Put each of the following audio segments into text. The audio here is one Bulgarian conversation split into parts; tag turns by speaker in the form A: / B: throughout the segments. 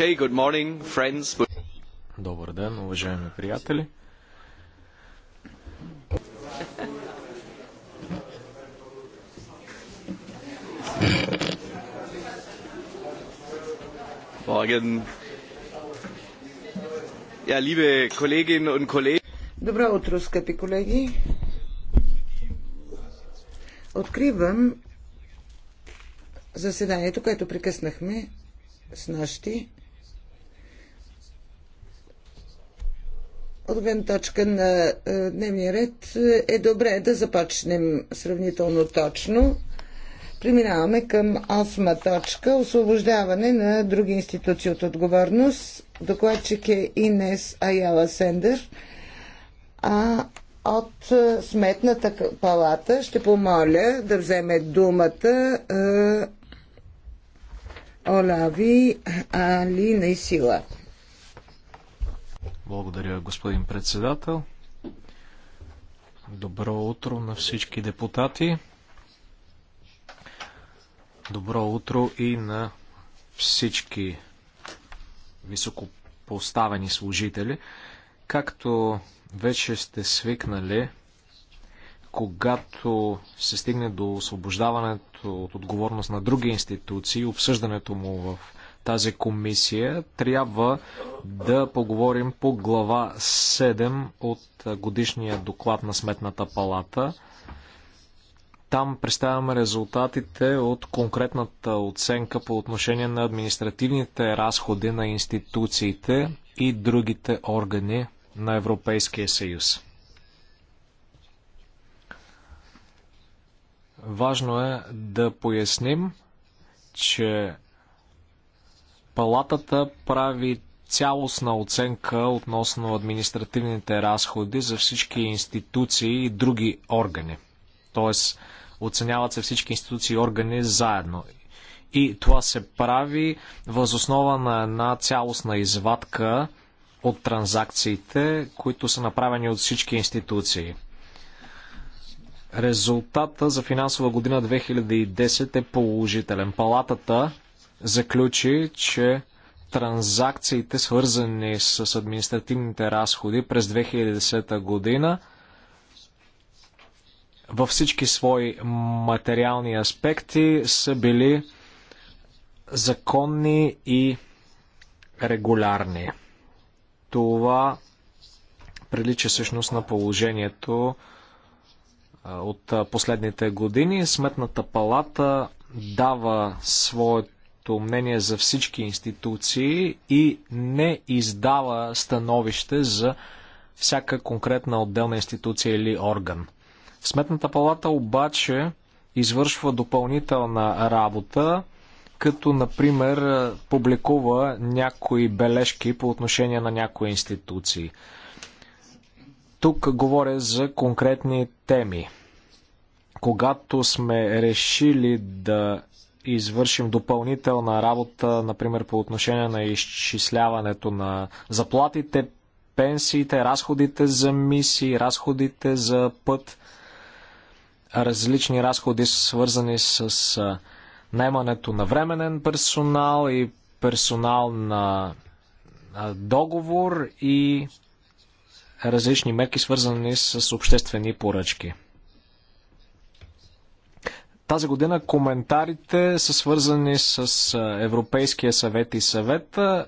A: Okay, good morning, friends. Добър ден, уважаеми приятели. Morgen. Ja, liebe Kolleginnen und Kollegen.
B: Добро утро, скъпи колеги. Откривам заседанието, което прекъснахме с нощи. От гледна точка на е, дневния ред е добре да започнем сравнително точно. Преминаваме към осма точка – освобождаване на други институции от отговорност. Докладчик е Инес Аяла Сендер. А от е, Сметната палата ще помоля да вземе думата е, Олави Али Найсила. сила.
A: Благодаря, господин председател. Добро утро на всички депутати. Добро утро и на всички високопоставени служители. Както вече сте свикнали, когато се стигне до освобождаването от отговорност на други институции, обсъждането му в тази комисия, трябва да поговорим по глава 7 от годишния доклад на Сметната палата. Там представяме резултатите от конкретната оценка по отношение на административните разходи на институциите и другите органи на Европейския съюз. Важно е да поясним, че Палатата прави цялостна оценка относно административните разходи за всички институции и други органи. Тоест, оценяват се всички институции и органи заедно. И това се прави възоснова на една цялостна извадка от транзакциите, които са направени от всички институции. Резултата за финансова година 2010 е положителен. Палатата заключи, че транзакциите, свързани с административните разходи през 2010 година, във всички свои материални аспекти са били законни и регулярни. Това прилича всъщност на положението от последните години. Сметната палата дава своето общото мнение за всички институции и не издава становище за всяка конкретна отделна институция или орган. Сметната палата обаче извършва допълнителна работа, като например публикува някои бележки по отношение на някои институции. Тук говоря за конкретни теми. Когато сме решили да извършим допълнителна работа, например по отношение на изчисляването на заплатите, пенсиите, разходите за мисии, разходите за път, различни разходи свързани с наймането на временен персонал и персонал на договор и различни мерки свързани с обществени поръчки. Тази година коментарите са свързани с Европейския съвет и съвета,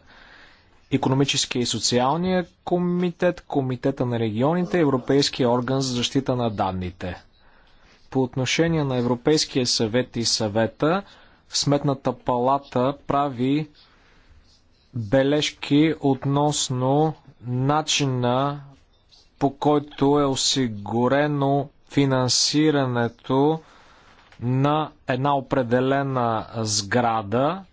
A: Економическия и социалния комитет, Комитета на регионите, Европейския орган за защита на данните. По отношение на Европейския съвет и съвета, Сметната палата прави бележки относно начина по който е осигурено финансирането на една определена сграда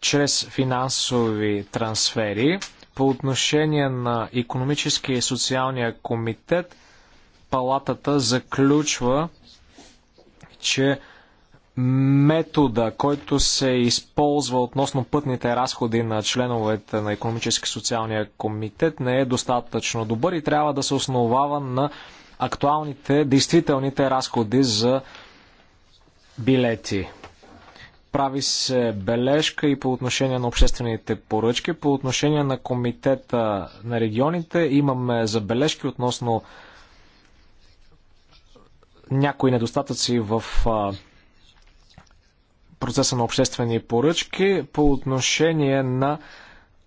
A: чрез финансови трансфери. По отношение на економическия и социалния комитет, палатата заключва, че метода, който се използва относно пътните разходи на членовете на економически и социалния комитет не е достатъчно добър и трябва да се основава на актуалните, действителните разходи за билети. Прави се бележка и по отношение на обществените поръчки. По отношение на комитета на регионите имаме забележки относно някои недостатъци в процеса на обществени поръчки по отношение на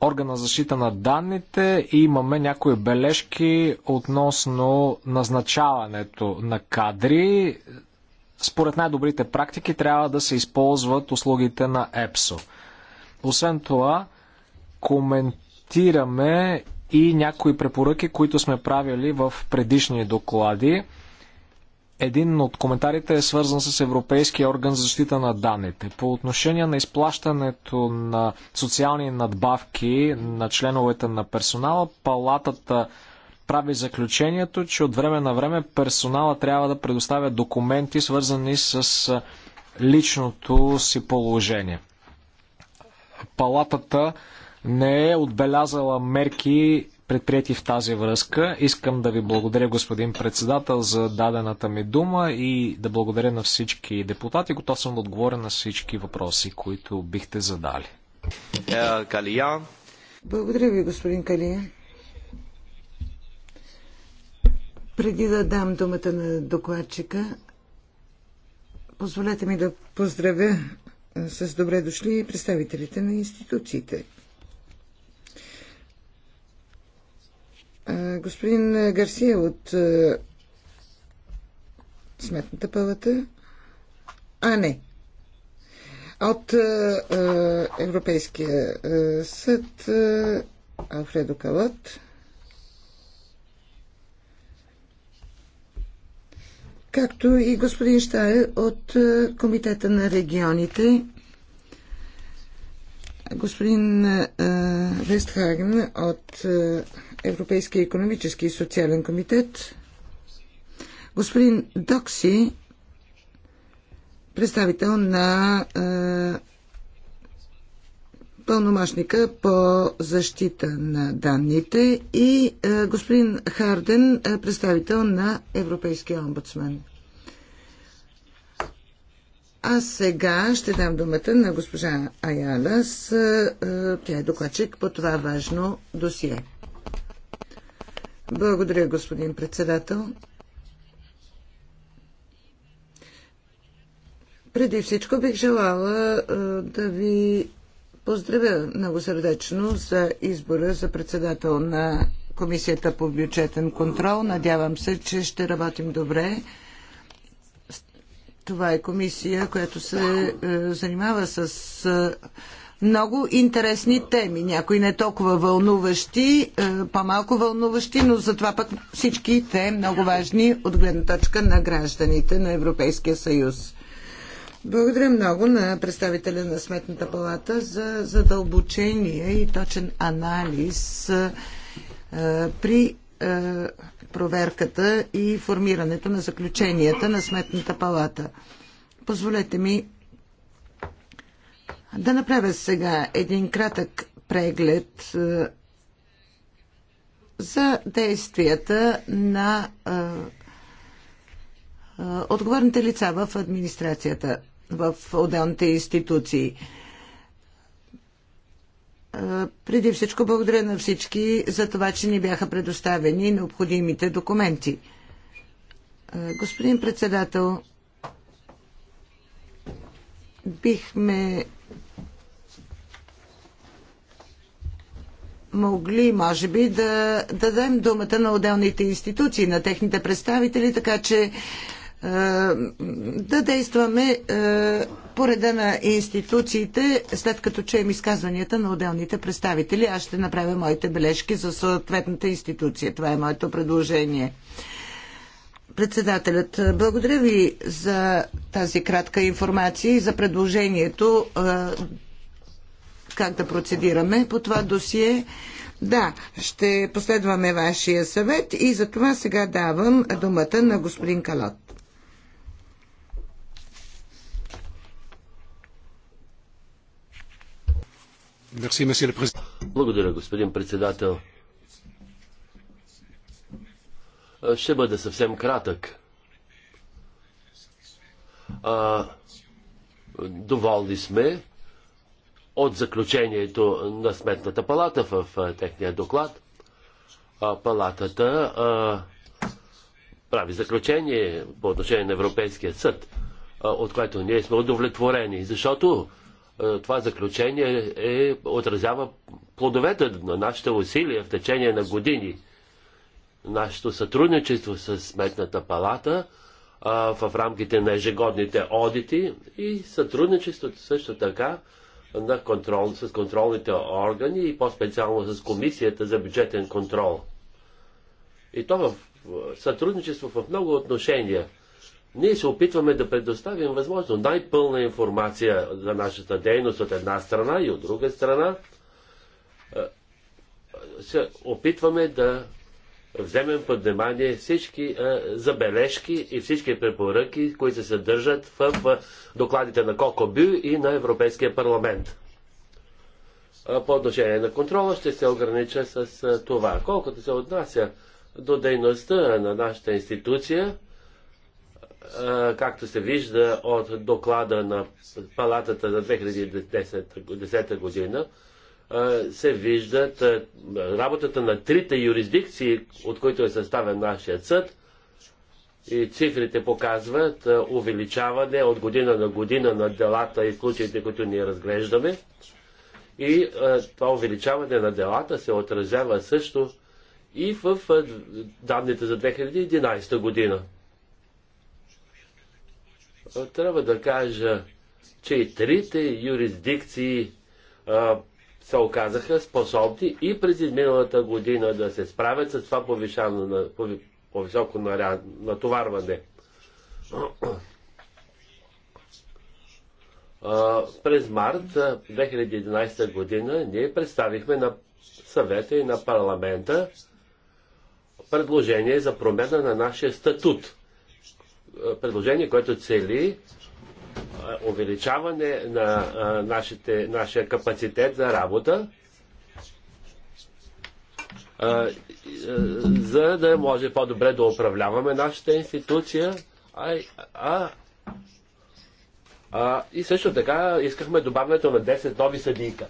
A: органа за защита на данните и имаме някои бележки относно назначаването на кадри. Според най-добрите практики трябва да се използват услугите на EPSO. Освен това, коментираме и някои препоръки, които сме правили в предишни доклади. Един от коментарите е свързан с Европейския орган за защита на данните. По отношение на изплащането на социални надбавки на членовете на персонала, палатата прави заключението, че от време на време персонала трябва да предоставя документи, свързани с личното си положение. Палатата не е отбелязала мерки предприяти в тази връзка. Искам да ви благодаря, господин председател, за дадената ми дума и да благодаря на всички депутати. Готов съм да отговоря на всички въпроси, които бихте задали. Калия.
B: Благодаря ви, господин Калия. Преди да дам думата на докладчика, позволете ми да поздравя с добре дошли представителите на институциите. Господин Гарсия от Сметната палата. А, не. От Европейския съд Алфредо Калот. както и господин Штай от Комитета на регионите, господин Вестхаген от Европейския економически и социален комитет. Господин Докси, представител на е, пълномашника по защита на данните и е, господин Харден, е, представител на Европейския омбудсмен. А сега ще дам думата на госпожа Аялас. Е, тя е докладчик по това важно досие. Благодаря, господин председател. Преди всичко бих желала е, да ви поздравя много сърдечно за избора за председател на Комисията по бюджетен контрол. Надявам се, че ще работим добре. Това е комисия, която се е, занимава с е, много интересни теми. Някои не толкова вълнуващи, е, по-малко вълнуващи, но затова пък всички те много важни от гледна точка на гражданите на Европейския съюз. Благодаря много на представителя на Сметната палата за задълбочение и точен анализ е, при е, проверката и формирането на заключенията на Сметната палата. Позволете ми да направя сега един кратък преглед е, за действията на е, е, отговорните лица в администрацията, в отделните институции. Преди всичко благодаря на всички за това, че ни бяха предоставени необходимите документи. Господин председател, бихме могли, може би, да дадем думата на отделните институции, на техните представители, така че е, да действаме е, по реда на институциите, след като чуем изказванията на отделните представители. Аз ще направя моите бележки за съответната институция. Това е моето предложение. Председателят, е, благодаря ви за тази кратка информация и за предложението как да процедираме по това досие. Да, ще последваме вашия съвет и за това сега давам думата на господин
A: Калот.
C: Благодаря, господин председател. Ще бъда съвсем кратък. А, доволни сме от заключението на Сметната палата в техния доклад. Палатата прави заключение по отношение на Европейския съд, от което ние сме удовлетворени, защото това заключение е, отразява плодовете на нашите усилия в течение на години. Нашето сътрудничество с Сметната палата а, в рамките на ежегодните одити и сътрудничеството също така на контрол, с контролните органи и по-специално с Комисията за бюджетен контрол. И то в сътрудничество в много отношения. Ние се опитваме да предоставим възможно най-пълна информация за нашата дейност от една страна и от друга страна. Е, е, се опитваме да вземем под внимание всички а, забележки и всички препоръки, които се съдържат в в докладите на Кокобю и на Европейския парламент. А, по отношение на контрола ще се огранича с а, това. Колкото се отнася до дейността на нашата институция, а, както се вижда от доклада на палатата за 2010 година, се виждат работата на трите юрисдикции, от които е съставен нашия съд. И цифрите показват увеличаване от година на година на делата и случаите, които ние разглеждаме. И това увеличаване на делата се отразява също и в данните за 2011 година. Трябва да кажа, че и трите юрисдикции се оказаха способни и през изминалата година да се справят с това повишано на, по-високо натоварване. През март 2011 година ние представихме на съвета и на парламента предложение за промена на нашия статут. Предложение, което цели увеличаване на нашите, нашия капацитет за работа, за да може по-добре да управляваме нашата институция, а, а, а, и също така искахме добавянето на 10 нови съдийка.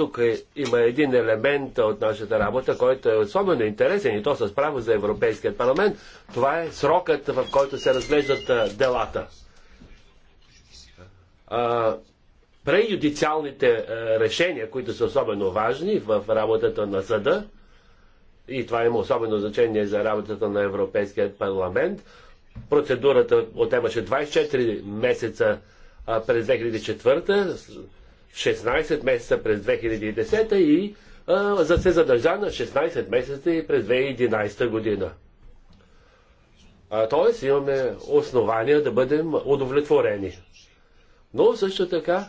C: Тук е, има един елемент от нашата работа, който е особено интересен и то с право за Европейският парламент. Това е срокът, в който се разглеждат делата. А, преюдициалните решения, които са особено важни в работата на съда, и това има особено значение за работата на Европейският парламент, процедурата отнемаше 24 месеца през 2004 16 месеца през 2010 и а, за се задържа на 16 месеца и през 2011 година. А, тоест имаме основания да бъдем удовлетворени. Но също така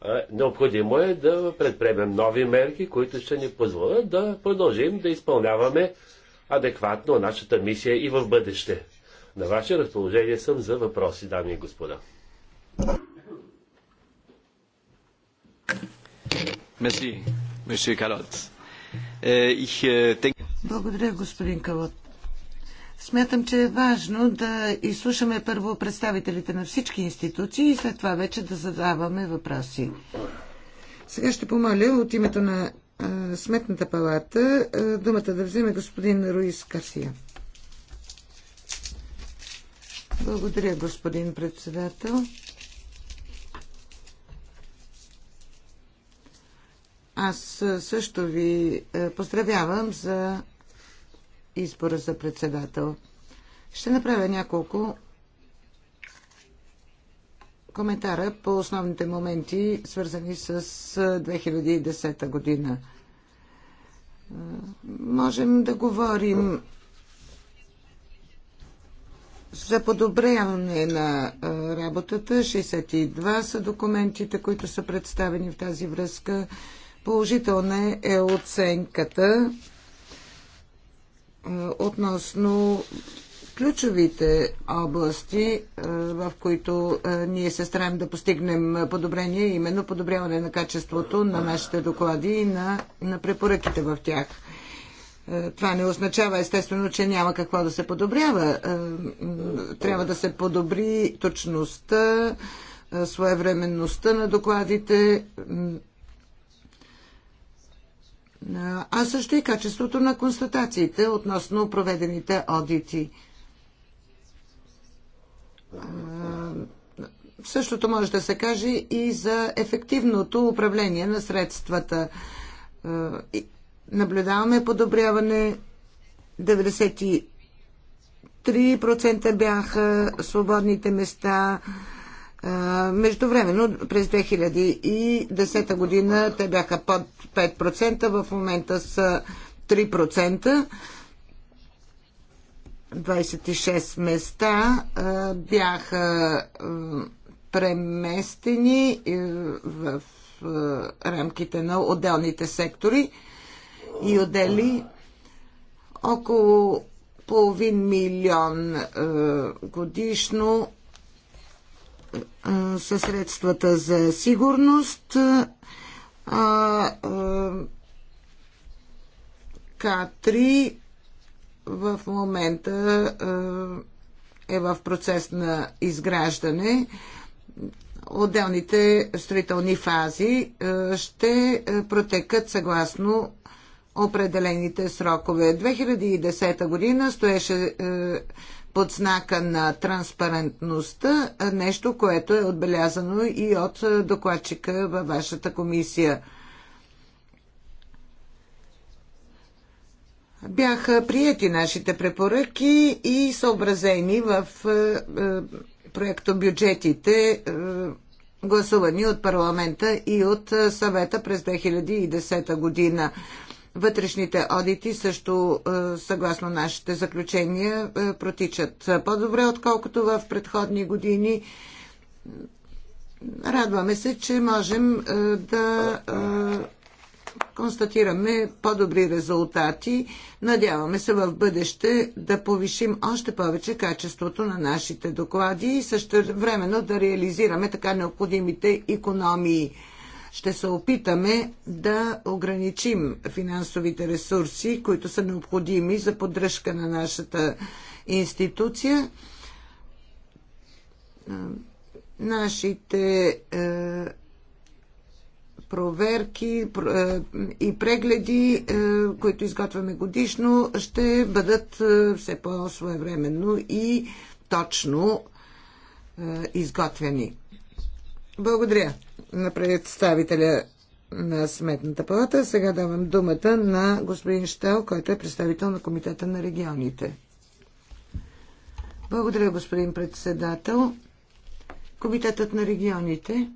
C: а, необходимо е да предприемем нови мерки, които ще ни позволят да продължим да изпълняваме адекватно нашата мисия и в бъдеще. На ваше разположение съм за въпроси, дами и господа.
A: Eh, eh,
B: Благодаря, господин Калот. Смятам, че е важно да изслушаме първо представителите на всички институции и след това вече да задаваме въпроси. Сега ще помоля от името на Сметната палата думата да вземе господин Руис Касия. Благодаря, господин председател. Аз също ви е, поздравявам за избора за председател. Ще направя няколко коментара по основните моменти, свързани с 2010 година. Можем да говорим за подобряване на работата. 62 са документите, които са представени в тази връзка. Положителна е оценката е, относно ключовите области, е, в които е, ние се стараем да постигнем подобрение, именно подобряване на качеството на нашите доклади и на, на препоръките в тях. Това не означава естествено, че няма какво да се подобрява. Трябва да се подобри точността, своевременността на докладите, а също и качеството на констатациите относно проведените одити. Същото може да се каже и за ефективното управление на средствата. Наблюдаваме подобряване 93% бяха свободните места, Междувременно през 2010 година те бяха под 5%, в момента са 3%. 26 места бяха преместени е, в е, рамките на отделните сектори и отдели. Около половин милион е, годишно със средствата за сигурност, К3 в момента е в процес на изграждане. Отделните строителни фази ще протекат съгласно определените срокове. 2010 година стоеше под знака на транспарентността, нещо, което е отбелязано и от докладчика във вашата комисия. Бяха приети нашите препоръки и съобразени в е, е, проекто бюджетите, е, гласувани от парламента и от съвета през 2010 година. Вътрешните одити също, е, съгласно нашите заключения, е, протичат по-добре, отколкото в предходни години. Радваме се, че можем е, да констатираме по-добри резултати. Надяваме се в бъдеще да повишим още повече качеството на нашите доклади и също времено да реализираме така необходимите економии ще се опитаме да ограничим финансовите ресурси, които са необходими за поддръжка на нашата институция. Нашите е, проверки е, и прегледи, е, които изготвяме годишно, ще бъдат все по-своевременно и точно изготвени. Благодаря на представителя на Сметната палата. Сега давам думата на господин Штел, който е представител на Комитета на регионите. Благодаря, господин председател. Комитетът на регионите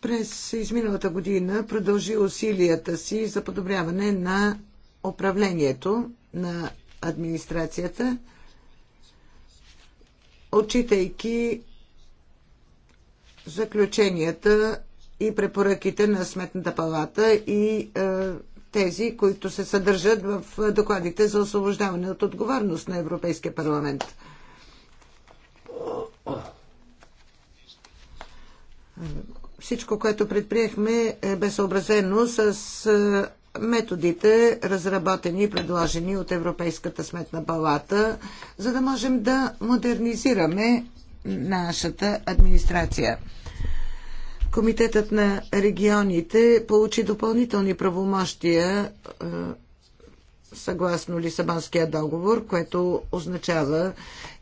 B: през изминалата година продължи усилията си за подобряване на управлението на администрацията – отчитайки заключенията и препоръките на Сметната палата и е, тези, които се съдържат в докладите за освобождаване от отговорност на Европейския парламент. Всичко, което предприехме, е съобразено с е, методите, разработени и предложени от Европейската сметна палата, за да можем да модернизираме нашата администрация. Комитетът на регионите получи допълнителни правомощия е, съгласно Лисабонския договор, което означава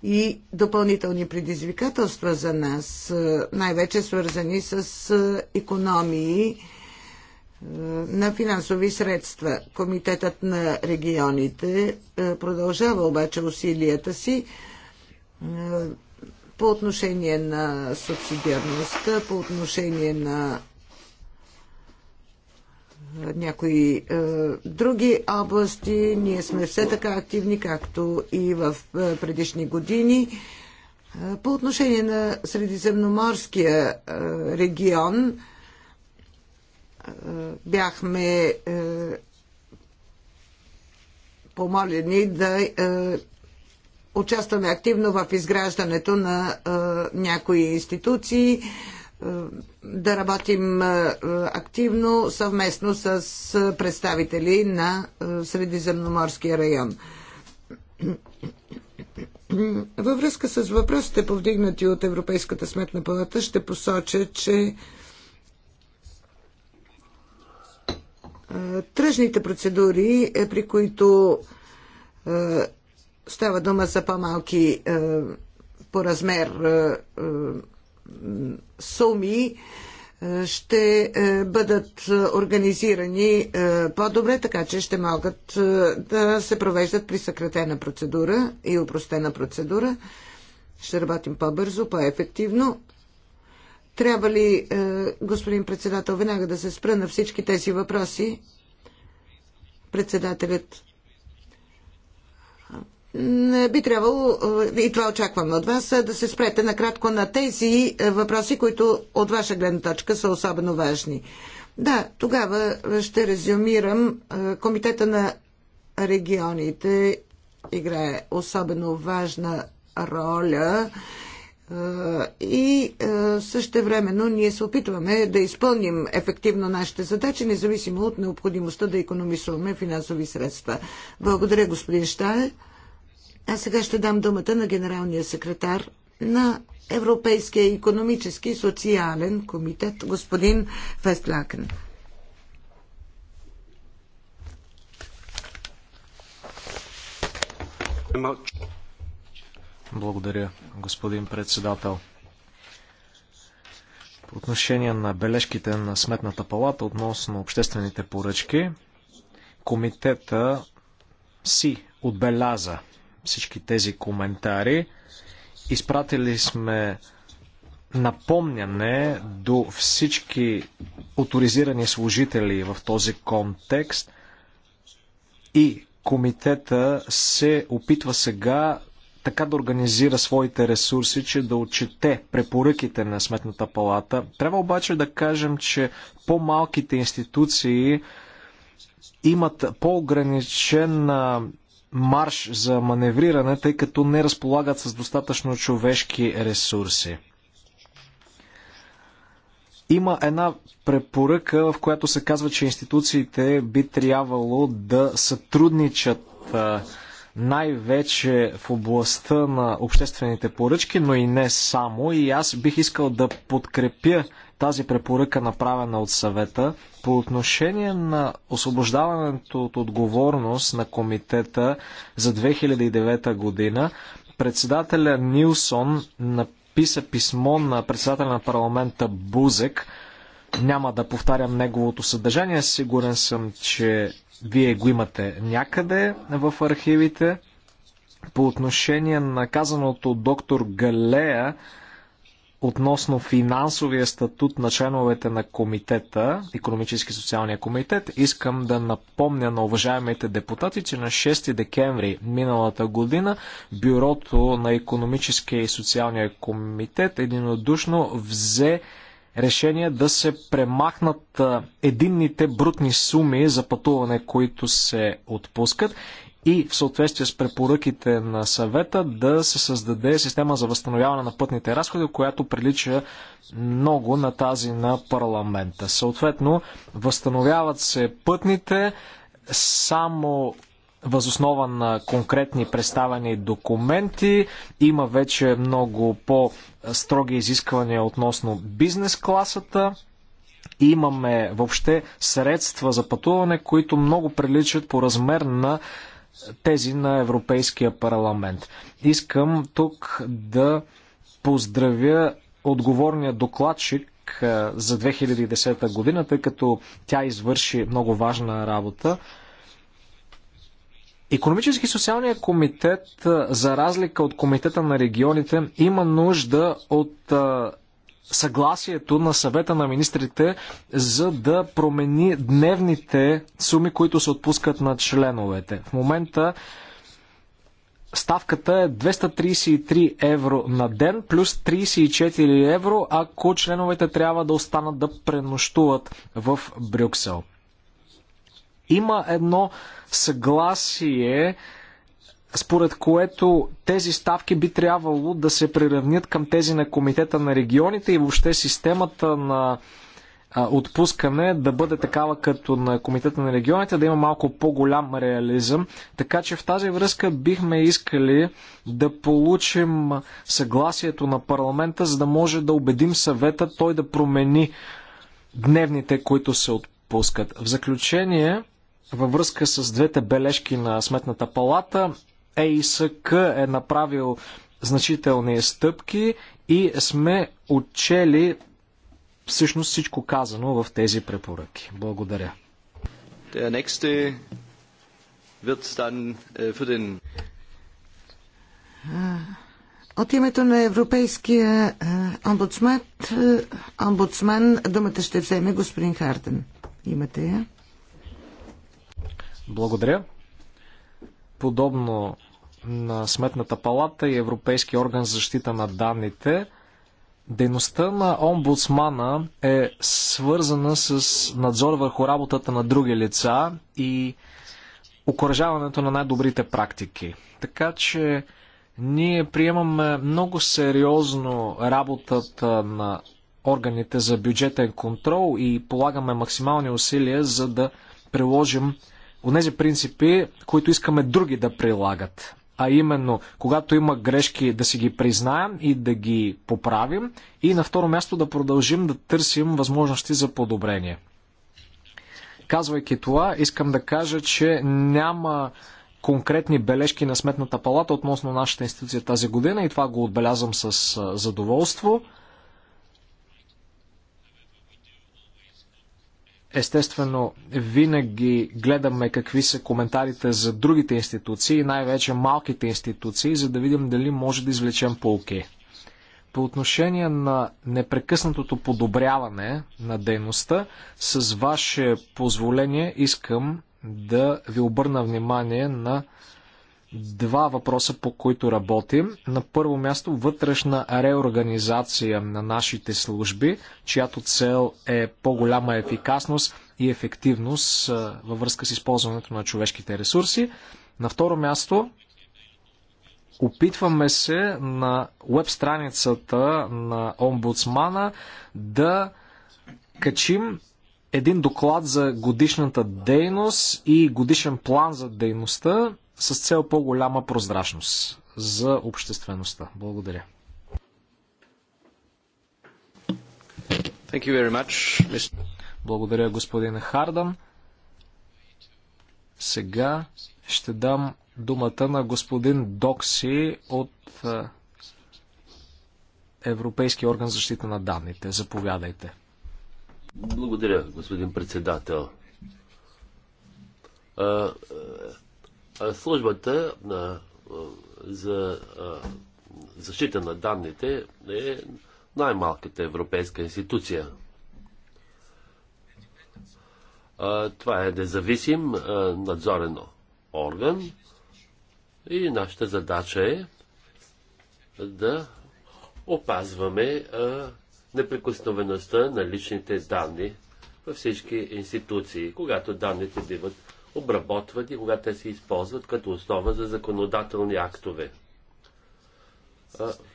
B: и допълнителни предизвикателства за нас, е, най-вече свързани с економии на финансови средства. Комитетът на регионите е, продължава обаче усилията си е, по отношение на субсидиарността, по отношение на е, някои други области. Ние сме все така активни, както и в предишни години. по отношение на Средиземноморския регион, бяхме е, помолени да е, участваме активно в изграждането на е, някои институции, да работим активно съвместно с представители на Средиземноморския район. Във връзка с въпросите, повдигнати от Европейската сметна палата, ще посоча, че тръжните процедури, е, при които е, става дума за по-малки е, по размер суми, ще бъдат организирани по-добре, така че ще могат да се провеждат при съкратена процедура и упростена процедура. Ще работим по-бързо, по-ефективно трябва ли, е, господин председател, веднага да се спра на всички тези въпроси? Председателят. Не би трябвало, е, и това очаквам от вас, е, да се спрете накратко на тези въпроси, които от ваша гледна точка са особено важни. Да, тогава ще резюмирам. Комитета на регионите играе особено важна роля и също времено ние се опитваме да изпълним ефективно нашите задачи, независимо от необходимостта да економисуваме финансови средства. Благодаря, господин Штае. А сега ще дам думата на генералния секретар на Европейския економически и социален комитет, господин Фестлакен.
A: Благодаря, господин председател. По отношение на бележките на Сметната палата относно обществените поръчки, комитета си отбеляза всички тези коментари. Изпратили сме напомняне до всички авторизирани служители в този контекст и комитета се опитва сега така да организира своите ресурси, че да отчете препоръките на Сметната палата. Трябва обаче да кажем, че по-малките институции имат по-ограничен марш за маневриране, тъй като не разполагат с достатъчно човешки ресурси. Има една препоръка, в която се казва, че институциите би трябвало да сътрудничат най-вече в областта на обществените поръчки, но и не само. И аз бих искал да подкрепя тази препоръка, направена от съвета. По отношение на освобождаването от отговорност на комитета за 2009 година, председателя Нилсон написа писмо на председателя на парламента Бузек. Няма да повтарям неговото съдържание. Сигурен съм, че вие го имате някъде в архивите. По отношение на казаното от доктор Галея относно финансовия статут на членовете на комитета, економически и социалния комитет, искам да напомня на уважаемите депутати, че на 6 декември миналата година бюрото на економическия и социалния комитет единодушно взе решение да се премахнат единните брутни суми за пътуване, които се отпускат и в съответствие с препоръките на съвета да се създаде система за възстановяване на пътните разходи, която прилича много на тази на парламента. Съответно, възстановяват се пътните само възоснова на конкретни представени документи. Има вече много по-строги изисквания относно бизнес класата. Имаме въобще средства за пътуване, които много приличат по размер на тези на Европейския парламент. Искам тук да поздравя отговорния докладчик за 2010 година, тъй като тя извърши много важна работа. Економически и социалният комитет, за разлика от комитета на регионите, има нужда от съгласието на съвета на министрите, за да промени дневните суми, които се отпускат на членовете. В момента ставката е 233 евро на ден, плюс 34 евро, ако членовете трябва да останат да пренощуват в Брюксел. Има едно съгласие, според което тези ставки би трябвало да се приравнят към тези на Комитета на регионите и въобще системата на отпускане да бъде такава като на Комитета на регионите, да има малко по-голям реализъм. Така че в тази връзка бихме искали да получим съгласието на парламента, за да може да убедим съвета той да промени дневните, които се отпускат. В заключение, във връзка с двете бележки на Сметната палата. ЕИСК е направил значителни стъпки и сме отчели всъщност всичко казано в тези препоръки. Благодаря.
B: Äh, От името на Европейския омбудсмен, э, омбудсмен э, думата ще вземе господин Харден. Имате я.
A: Благодаря. Подобно на Сметната палата и Европейски орган за защита на данните, дейността на омбудсмана е свързана с надзор върху работата на други лица и окоръжаването на най-добрите практики. Така че ние приемаме много сериозно работата на органите за бюджетен контрол и полагаме максимални усилия за да приложим онези принципи, които искаме други да прилагат. А именно, когато има грешки, да си ги признаем и да ги поправим. И на второ място да продължим да търсим възможности за подобрение. Казвайки това, искам да кажа, че няма конкретни бележки на Сметната палата относно нашата институция тази година и това го отбелязвам с задоволство. Естествено, винаги гледаме какви са коментарите за другите институции, най-вече малките институции, за да видим дали може да извлечем полки. По отношение на непрекъснатото подобряване на дейността, с ваше позволение искам да ви обърна внимание на два въпроса, по които работим. На първо място вътрешна реорганизация на нашите служби, чиято цел е по-голяма ефикасност и ефективност във връзка с използването на човешките ресурси. На второ място опитваме се на веб страницата на омбудсмана да качим един доклад за годишната дейност и годишен план за дейността с цел по-голяма прозрачност за обществеността. Благодаря. Thank you very much, Благодаря, господин Хардан. Сега ще дам думата на господин Докси от е, Европейски орган за защита на данните. Заповядайте.
C: Благодаря, господин председател. Е, е, службата на, за защита на данните е най-малката европейска институция. Това е независим надзорен орган и нашата задача е да опазваме неприкосновеността на личните данни във всички институции, когато данните биват обработват и когато те се използват като основа за законодателни актове.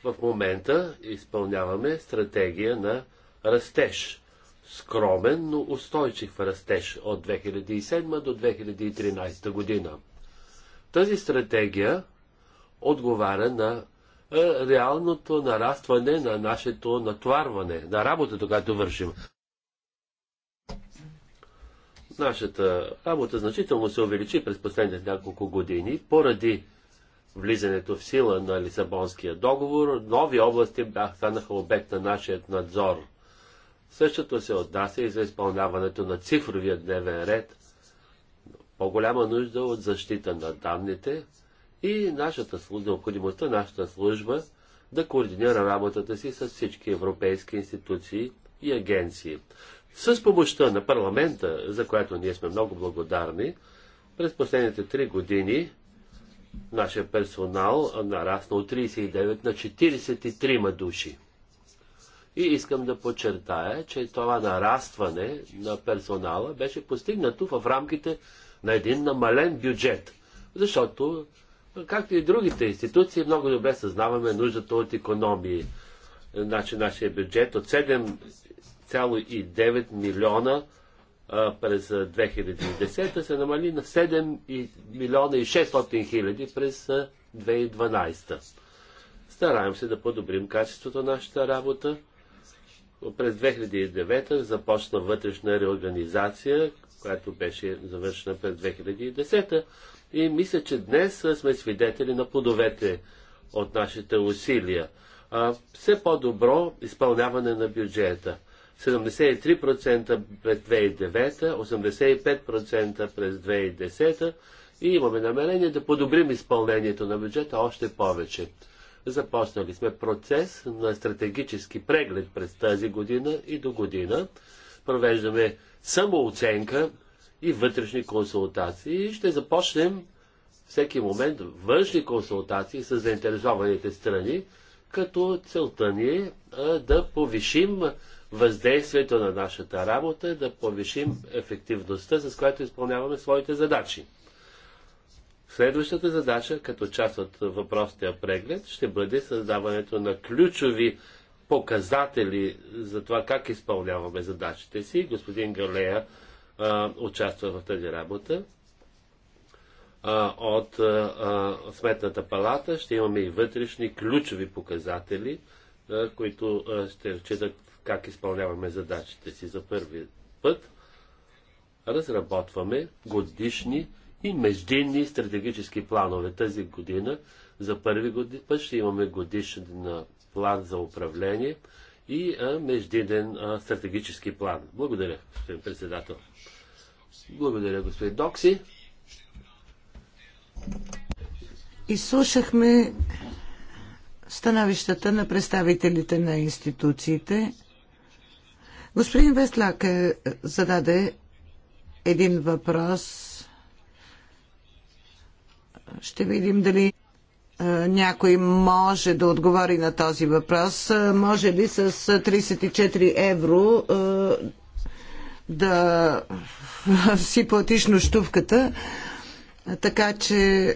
C: В момента изпълняваме стратегия на растеж. Скромен, но устойчив растеж от 2007 до 2013 година. Тази стратегия отговаря на реалното нарастване на нашето натварване, на работата, която вършим. Нашата работа значително се увеличи през последните няколко години поради влизането в сила на Лисабонския договор. Нови области бях, станаха обект на нашия надзор. Същото се отнася и за изпълняването на цифровия дневен ред, по-голяма нужда от защита на данните и нашата служба, необходимостта нашата служба да координира работата си с всички европейски институции и агенции. С помощта на парламента, за която ние сме много благодарни, през последните три години нашия персонал нарасна от 39 на 43 души. И искам да подчертая, че това нарастване на персонала беше постигнато в рамките на един намален бюджет. Защото, както и другите институции, много добре съзнаваме нуждата от економии. Значи нашия бюджет от 7 6,9 милиона през 2010 се намали на 7 милиона и 600 хиляди през 2012. Стараем се да подобрим качеството на нашата работа. През 2009 започна вътрешна реорганизация, която беше завършена през 2010 и мисля, че днес сме свидетели на плодовете от нашите усилия. Все по-добро изпълняване на бюджета – 73% през 2009, 85% през 2010 и имаме намерение да подобрим изпълнението на бюджета още повече. Започнали сме процес на стратегически преглед през тази година и до година. Провеждаме самооценка и вътрешни консултации. Ще започнем всеки момент външни консултации с заинтересованите страни, като целта ни е да повишим въздействието на нашата работа, е да повишим ефективността, с която изпълняваме своите задачи. Следващата задача, като част от въпросния преглед, ще бъде създаването на ключови показатели за това как изпълняваме задачите си. Господин Галея а, участва в тази работа. А, от а, Сметната палата ще имаме и вътрешни ключови показатели, а, които а, ще читат как изпълняваме задачите си за първи път, разработваме годишни и междинни стратегически планове. Тази година за първи годин, път ще имаме годишен план за управление и междинен стратегически план. Благодаря, господин председател. Благодаря, господин Докси.
B: Изслушахме становищата на представителите на институциите. Господин Вестлак е, зададе един въпрос. Ще видим дали е, някой може да отговори на този въпрос. Е, може ли с 34 евро да си платиш нощувката? Така че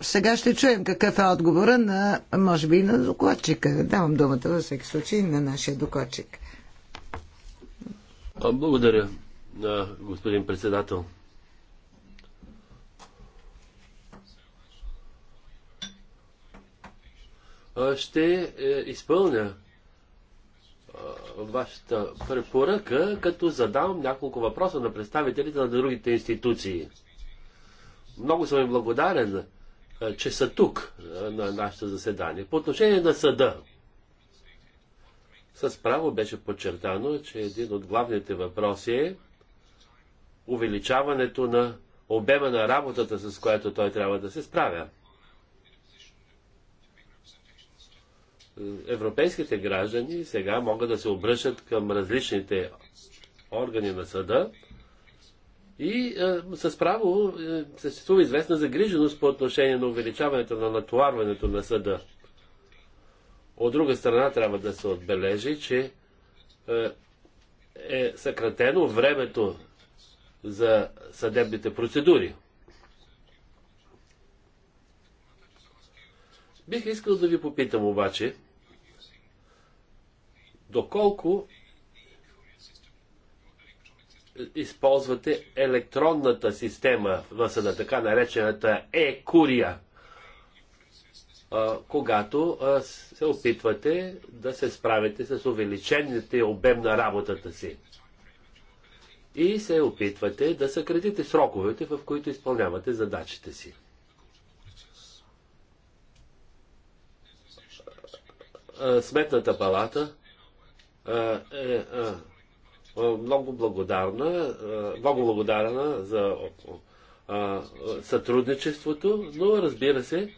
B: сега ще чуем какъв е отговора на, може би, на докладчика. Давам думата във всеки случай на нашия докладчик.
C: Благодаря, господин председател. Ще е, изпълня вашата препоръка, като задам няколко въпроса на представителите на другите институции. Много съм им благодарен, че са тук на нашето заседание. По отношение на съда, с право беше подчертано, че един от главните въпроси е увеличаването на обема на работата, с която той трябва да се справя. Европейските граждани сега могат да се обръщат към различните органи на съда и е, с право е, съществува известна загриженост по отношение на увеличаването на натоварването на съда. От друга страна трябва да се отбележи, че е, е съкратено времето за съдебните процедури. Бих искал да ви попитам обаче, доколко използвате електронната система на съда, така наречената е-курия когато се опитвате да се справите с увеличените обем на работата си и се опитвате да съкратите сроковете, в които изпълнявате задачите си. Сметната палата е, е много благодарна, много благодарна за сътрудничеството, но разбира се,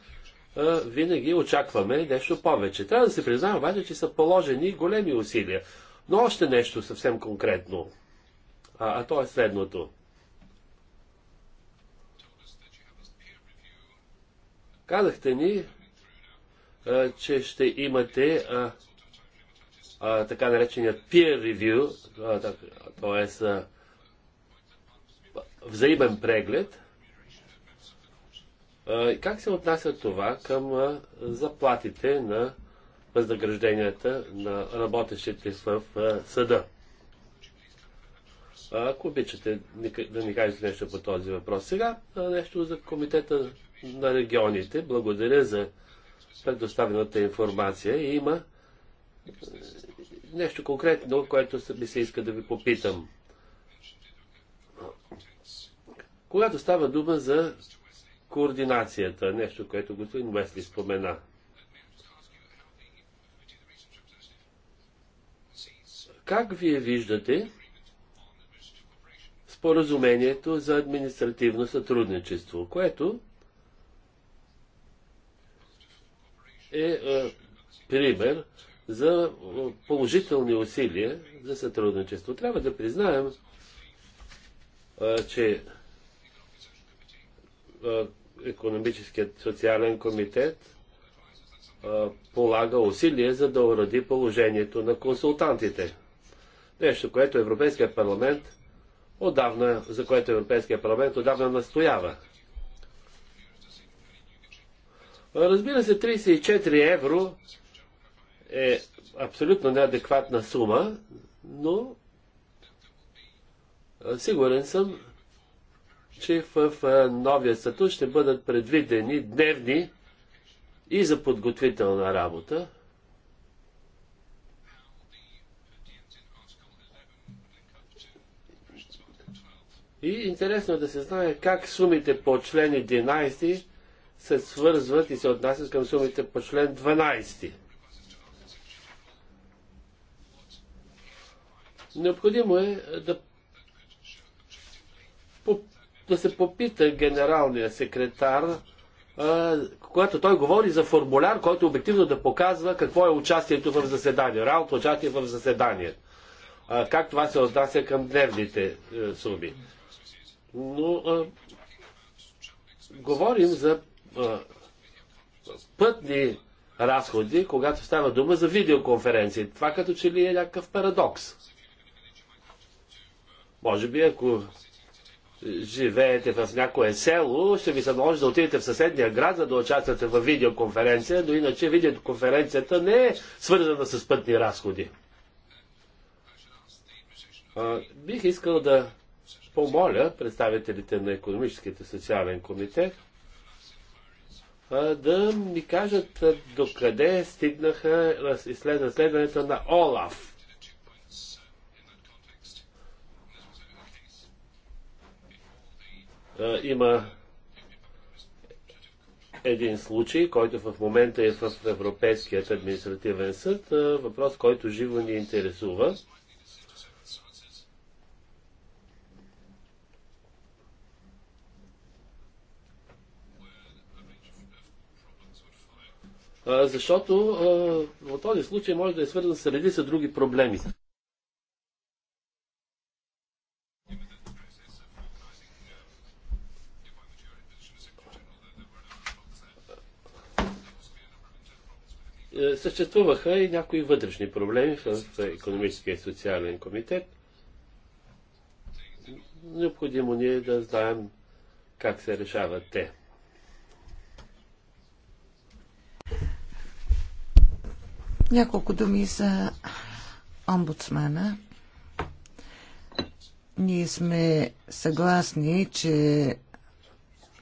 C: винаги очакваме нещо повече. Трябва да се признаем обаче, че са положени големи усилия. Но още нещо съвсем конкретно. А, а то е следното. Казахте ни, а, че ще имате а, а, така наречения peer review, т.е. взаимен преглед. Как се отнася това към заплатите на възнагражденията на работещите в съда? Ако обичате да ни кажете нещо по този въпрос. Сега нещо за Комитета на регионите. Благодаря за предоставената информация. И има нещо конкретно, което ми се иска да ви попитам. Когато става дума за координацията, нещо, което господин Уесли спомена. Как вие виждате споразумението за административно сътрудничество, което е, е пример за е, положителни усилия за сътрудничество. Трябва да признаем, е, че е, економическият социален комитет полага усилия за да уради положението на консултантите. Нещо, което Европейския парламент отдавна, за което Европейския парламент отдавна настоява. Разбира се, 34 евро е абсолютно неадекватна сума, но сигурен съм, че в новия статут ще бъдат предвидени дневни и за подготвителна работа. И интересно е да се знае как сумите по член 11 се свързват и се отнасят към сумите по член 12. Необходимо е да да се попита генералния секретар, когато той говори за формуляр, който обективно да показва какво е участието в заседание, реалното участие в заседание. Как това се отнася към дневните е, суми. Но а, говорим за а, пътни разходи, когато става дума за видеоконференции. Това като че ли е някакъв парадокс. Може би ако живеете в някое село, ще ви се наложи да отидете в съседния град, за да участвате в видеоконференция, но иначе видеоконференцията не е свързана с пътни разходи. А, бих искал да помоля представителите на економическите социален комитет а, да ми кажат докъде стигнаха изследването на ОЛАФ Има един случай, който в момента е в Европейският административен съд. Въпрос, който живо ни интересува. защото в този случай може да е свързан с редица други проблеми. Е, съществуваха и някои вътрешни проблеми в економическия и социален комитет. Необходимо ни е да знаем как се решават те.
B: Няколко думи за омбудсмана. Ние сме съгласни, че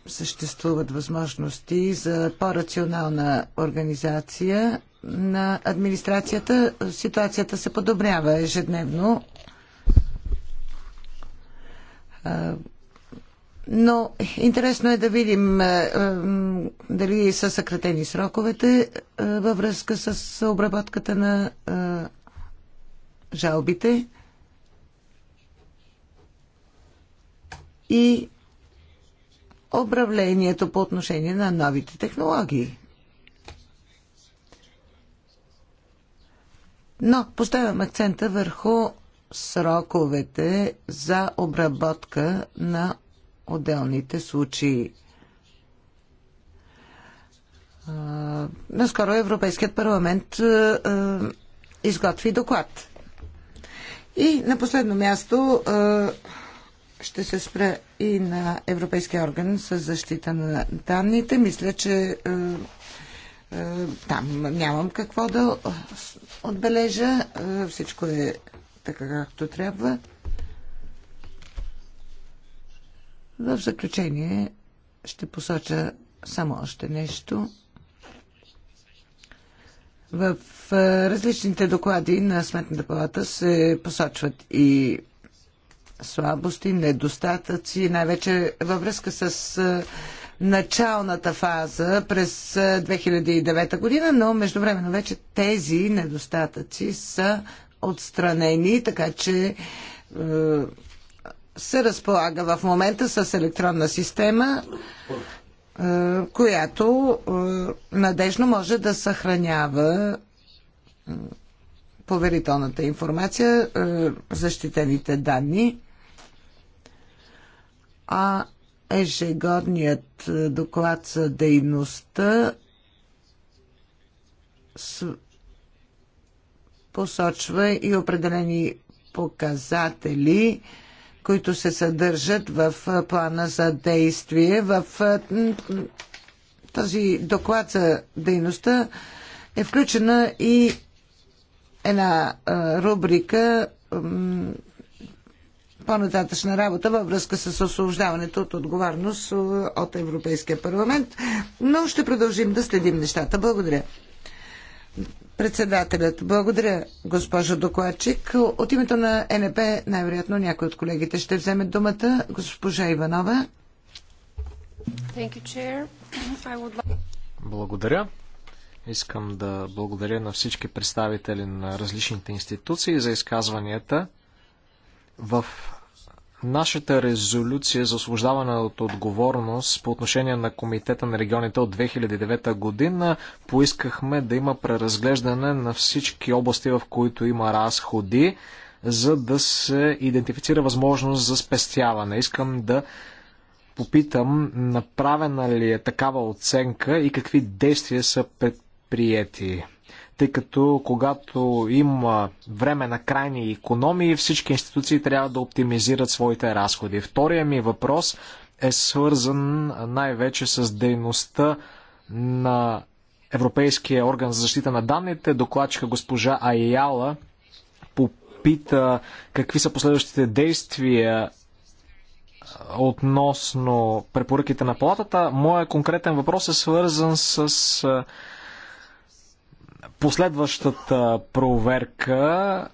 B: съществуват възможности за по-рационална организация на администрацията. Ситуацията се подобрява ежедневно. Но интересно е да видим дали са съкратени сроковете във връзка с обработката на жалбите и управлението по отношение на новите технологии. Но поставям акцента върху сроковете за обработка на отделните случаи. Наскоро Европейският парламент изготви доклад. И на последно място ще се спра и на Европейския орган с защита на данните. Мисля, че е, е, там нямам какво да отбележа. Е, всичко е така както трябва. В заключение ще посоча само още нещо. В различните доклади на Сметната палата се посочват и слабости, недостатъци, най-вече във връзка с началната фаза през 2009 година, но междувременно вече тези недостатъци са отстранени, така че се разполага в момента с електронна система, която надежно може да съхранява поверителната информация, защитените данни а ежегодният е, доклад за дейността посочва и определени показатели, които се съдържат в е, плана за действие. В е, този доклад за дейността е включена и една рубрика по-нататъчна работа във връзка с освобождаването от отговорност е, от Европейския парламент. Но ще продължим да следим нещата. Благодаря. Председателят, благодаря, госпожо докладчик. От името на НП най-вероятно някой от колегите ще вземе думата. Госпожа Иванова. You, would...
A: Благодаря. Искам да благодаря на всички представители на различните институции за изказванията. В Нашата резолюция за освобождаване от отговорност по отношение на Комитета на регионите от 2009 година поискахме да има преразглеждане на всички области, в които има разходи, за да се идентифицира възможност за спестяване. Искам да попитам, направена ли е такава оценка и какви действия са предприяти тъй като когато има време на крайни економии, всички институции трябва да оптимизират своите разходи. Втория ми въпрос е свързан най-вече с дейността на Европейския орган за защита на данните. Докладчика госпожа Айяла попита какви са последващите действия относно препоръките на палатата. Моя конкретен въпрос е свързан с последващата проверка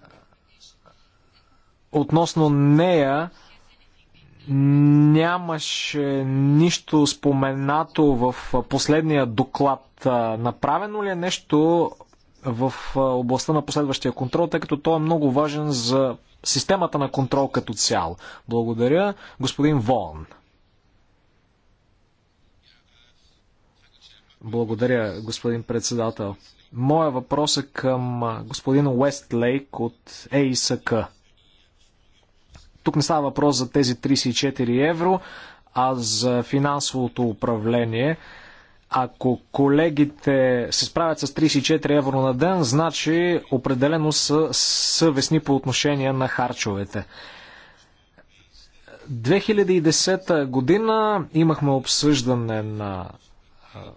A: относно нея нямаше нищо споменато в последния доклад. Направено ли е нещо в областта на последващия контрол, тъй като той е много важен за системата на контрол като цяло? Благодаря, господин Вон. Благодаря, господин председател. Моя въпрос е към господин Уестлейк от ЕИСК. Тук не става въпрос за тези 34 евро, а за финансовото управление. Ако колегите се справят с 34 евро на ден, значи определено са съвестни по отношение на харчовете. 2010 година имахме обсъждане на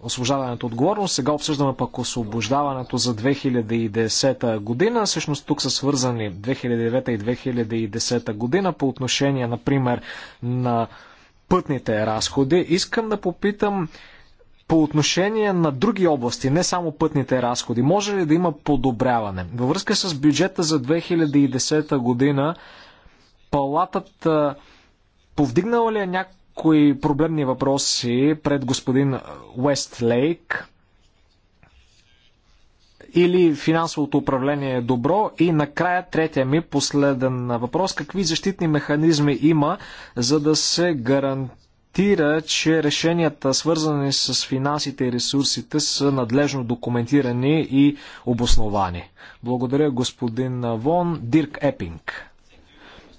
A: освобождаването отговорност. Сега обсъждаме пък освобождаването за 2010 година. Всъщност тук са свързани 2009 и 2010 година по отношение, например, на пътните разходи. Искам да попитам по отношение на други области, не само пътните разходи, може ли да има подобряване? Във връзка с бюджета за 2010 година, палатата повдигнала ли е някакъв някои проблемни въпроси пред господин Уестлейк. Или финансовото управление е добро? И накрая третия ми последен въпрос. Какви защитни механизми има, за да се гарантира, че решенията, свързани с финансите и ресурсите, са надлежно документирани и обосновани? Благодаря, господин Вон. Дирк Епинг.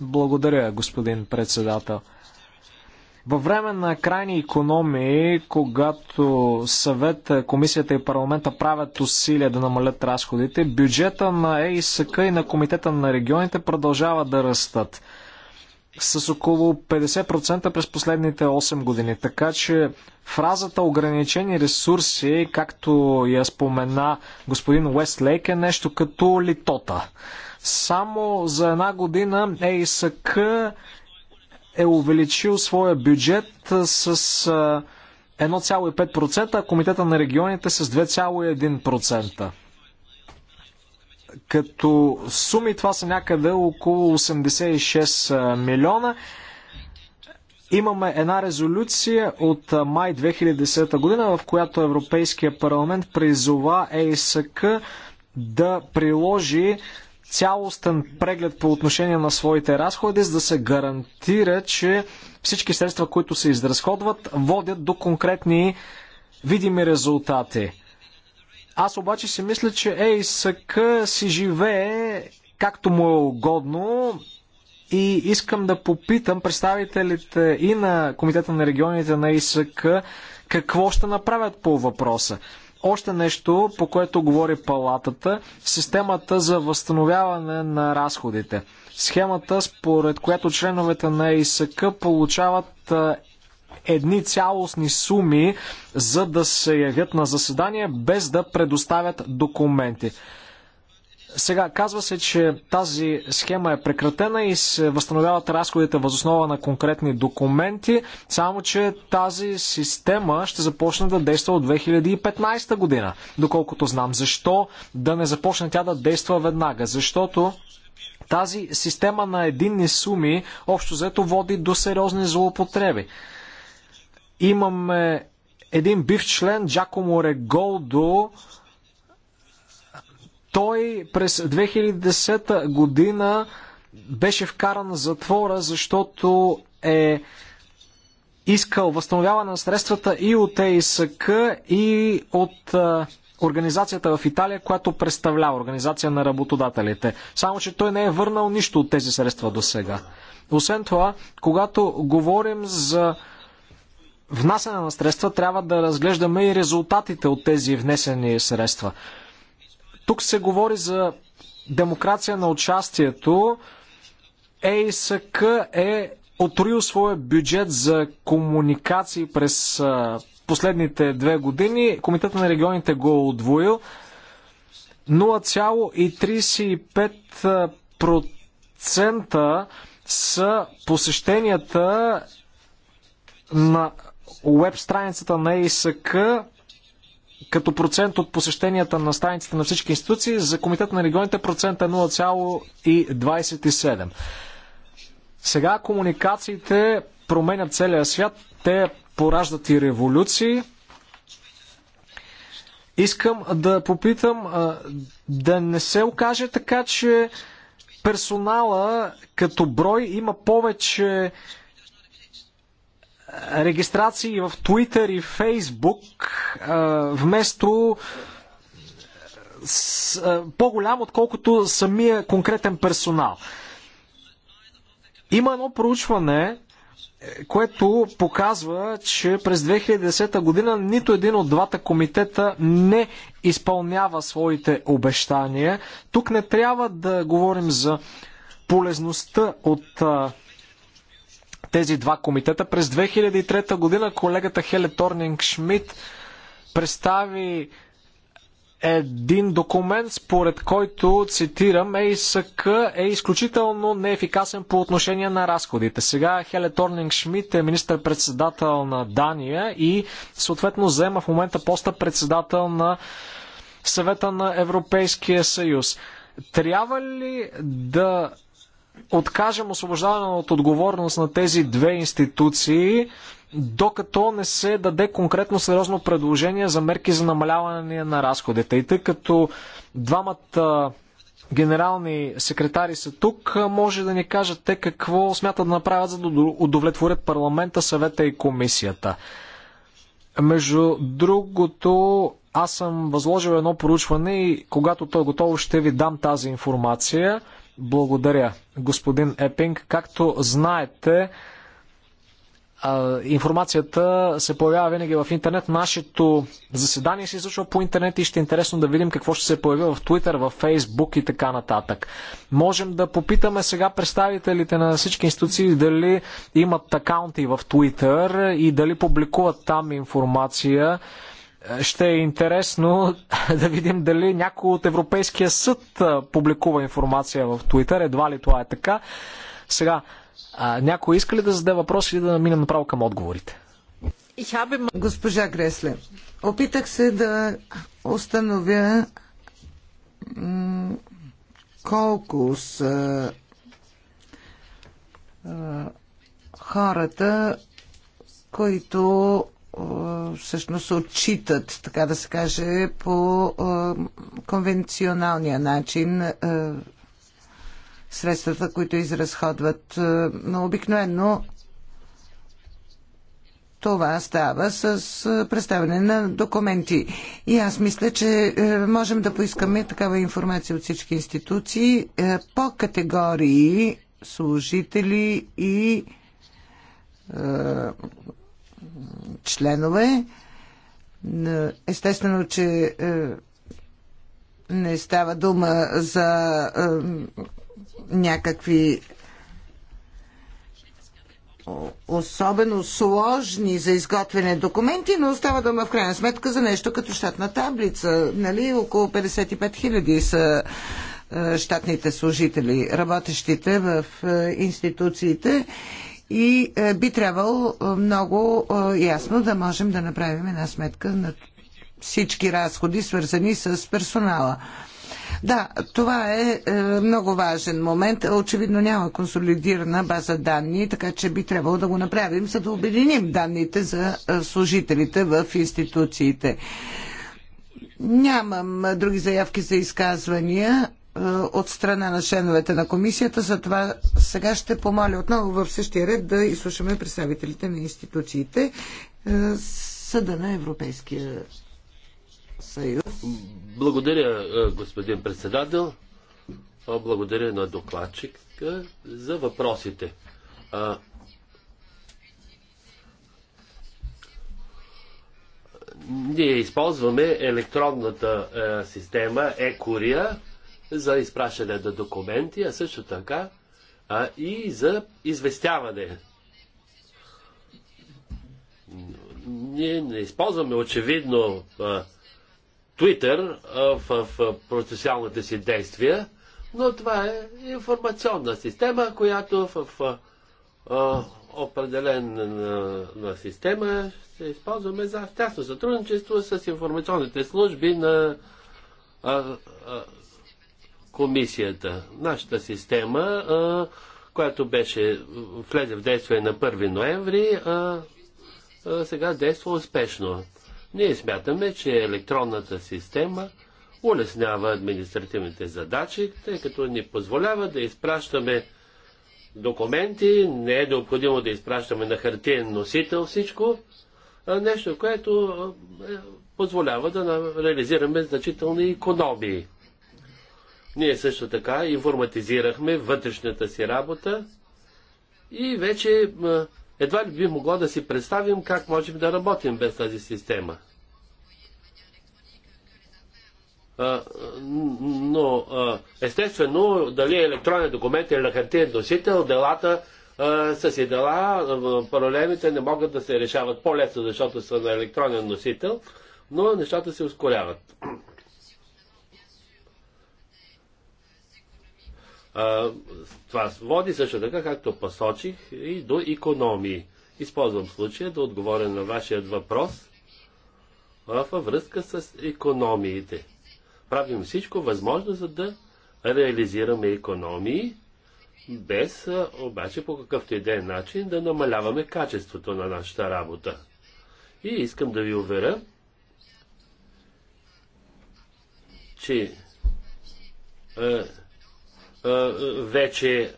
A: Благодаря, господин председател. Във време на крайни економии, когато съвет, комисията и парламента правят усилия да намалят разходите, бюджета на ЕИСК и на комитета на регионите продължава да растат с около 50% през последните 8 години. Така че фразата ограничени ресурси, както я спомена господин Уестлейк, е нещо като литота. Само за една година ЕИСК е увеличил своя бюджет с 1,5%, а Комитета на регионите с 2,1%. Като суми това са някъде около 86 милиона. Имаме една резолюция от май 2010 година, в която Европейския парламент призова ЕСК да приложи цялостен преглед по отношение на своите разходи, за да се гарантира, че всички средства, които се изразходват, водят до конкретни видими резултати. Аз обаче си мисля, че ЕИСК си живее както му е угодно и искам да попитам представителите и на Комитета на регионите на ИСК какво ще направят по въпроса. Още нещо, по което говори палатата, системата за възстановяване на разходите. Схемата, според която членовете на ИСК получават едни цялостни суми, за да се явят на заседание, без да предоставят документи. Сега, казва се, че тази схема е прекратена и се възстановяват разходите възоснова на конкретни документи, само че тази система ще започне да действа от 2015 година, доколкото знам. Защо да не започне тя да действа веднага? Защото тази система на единни суми общо взето води до сериозни злоупотреби. Имаме един бив член Джакомо Реголдо, той през 2010 година беше вкаран в затвора, защото е искал възстановяване на средствата и от ЕИСК, и от организацията в Италия, която представлява организация на работодателите. Само, че той не е върнал нищо от тези средства до сега. Освен това, когато говорим за внасяне на средства, трябва да разглеждаме и резултатите от тези внесени средства. Тук се говори за демокрация на участието. ЕИСК е отроил своя бюджет за комуникации през последните две години. Комитет на регионите го е отвоил. 0,35% са посещенията на веб страницата на ИСК като процент от посещенията на страниците на всички институции, за Комитет на регионите процент е 0,27. Сега комуникациите променят целия свят, те пораждат и революции. Искам да попитам да не се окаже така, че персонала като брой има повече регистрации в Twitter и Facebook, вместо по-голям, отколкото самия конкретен персонал. Има едно проучване, което показва, че през 2010 година нито един от двата комитета не изпълнява своите обещания. Тук не трябва да говорим за полезността от тези два комитета. През 2003 година колегата Хеле Торнинг Шмидт представи един документ, според който, цитирам, ЕИСК е изключително неефикасен по отношение на разходите. Сега Хеле Торнинг Шмидт е министър-председател на Дания и съответно взема в момента поста председател на съвета на Европейския съюз. Трябва ли да откажем освобождаване от отговорност на тези две институции, докато не се даде конкретно сериозно предложение за мерки за намаляване на разходите. И тъй като двамата генерални секретари са тук, може да ни кажат те какво смятат да направят, за да удовлетворят парламента, съвета и комисията. Между другото, аз съм възложил едно проучване и когато то е готово, ще ви дам тази информация. Благодаря, господин Епинг. Както знаете, информацията се появява винаги в интернет. Нашето заседание се излъчва по интернет и ще е интересно да видим какво ще се появи в Twitter, в Facebook и така нататък. Можем да попитаме сега представителите на всички институции дали имат акаунти в Twitter и дали публикуват там информация ще е интересно да видим дали някой от Европейския съд публикува информация в Твитър. Едва ли това е така. Сега, някой иска ли да зададе въпрос или да минем направо към отговорите?
B: Госпожа Гресле, опитах се да установя колко са хората, които всъщност отчитат, така да се каже, по конвенционалния начин средствата, които изразходват. Но обикновено това става с представяне на документи. И аз мисля, че е, можем да поискаме такава информация от всички институции е, по категории служители и е, членове. Естествено, че е, не става дума за е, някакви особено сложни за изготвяне документи, но става дума в крайна сметка за нещо като щатна таблица. Нали? Около 55 000 са е, щатните служители, работещите в институциите и е, би трябвало е, много е, ясно да можем да направим една сметка на всички разходи, свързани с персонала. Да, това е, много важен момент. Очевидно няма консолидирана база данни, така че би трябвало да го направим, за да обединим данните за служителите в институциите. Нямам други заявки за изказвания. Е, от страна на членовете на комисията. Затова сега ще помоля отново в същия ред да изслушаме представителите на институциите е, Съда на Европейския съюз.
C: Благодаря, е, господин председател. Благодаря на докладчика за въпросите. ние използваме електронната е, система Екурия за изпращане на документи, а също така а, и за известяване. Ние не използваме очевидно а, Twitter а, в, в процесуалните си действия, но това е информационна система, която в, в а, определена система ще използваме за тясно сътрудничество с информационните служби на а, комисията. Нашата система, а, която беше влезе в действие на 1 ноември, а, а, сега действа успешно. Ние смятаме, че електронната система улеснява административните задачи, тъй като ни позволява да изпращаме документи, не е необходимо да изпращаме на хартиен носител всичко, нещо, което е, позволява да реализираме значителни економии. Ние също така информатизирахме вътрешната си работа и вече едва ли би могло да си представим как можем да работим без тази система. Но естествено, дали е електронен документ или на хартиен носител, делата са си дела, проблемите не могат да се решават по-лесно, защото са на електронен носител, но нещата се ускоряват. Това води също така, както посочих, и до економии. Използвам случая да отговоря на вашият въпрос във връзка с економиите. Правим всичко възможно, за да реализираме економии, без обаче по какъвто и да е начин да намаляваме качеството на нашата работа. И искам да ви уверя, че е, вече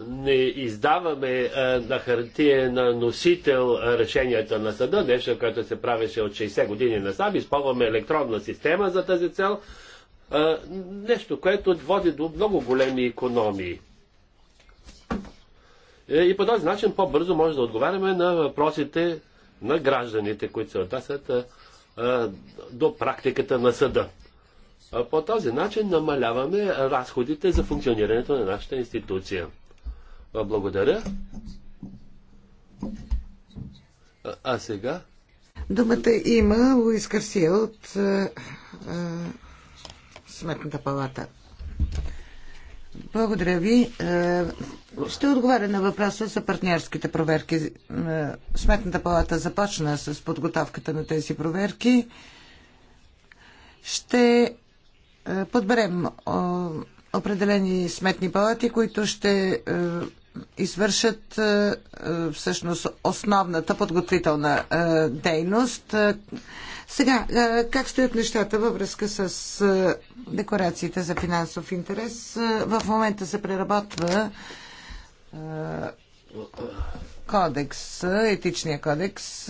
C: не издаваме на хартия на носител решенията на съда, нещо, което се правеше от 60 години насам, използваме електронна система за тази цел, нещо, което води до много големи економии. Е, и по този начин по-бързо може да отговаряме на въпросите на гражданите, които се отнасят до практиката на съда. По този начин намаляваме разходите за функционирането на нашата институция. Благодаря. А сега?
B: Думата има Луис Гарсия от а, Сметната палата. Благодаря ви. Ще отговаря на въпроса за партньорските проверки. Сметната палата започна с подготовката на тези проверки. Ще е, подберем е, определени сметни палати, които ще е, извършат всъщност основната подготвителна дейност. Сега, как стоят нещата във връзка с декларациите за финансов интерес? В момента се преработва кодекс, етичния кодекс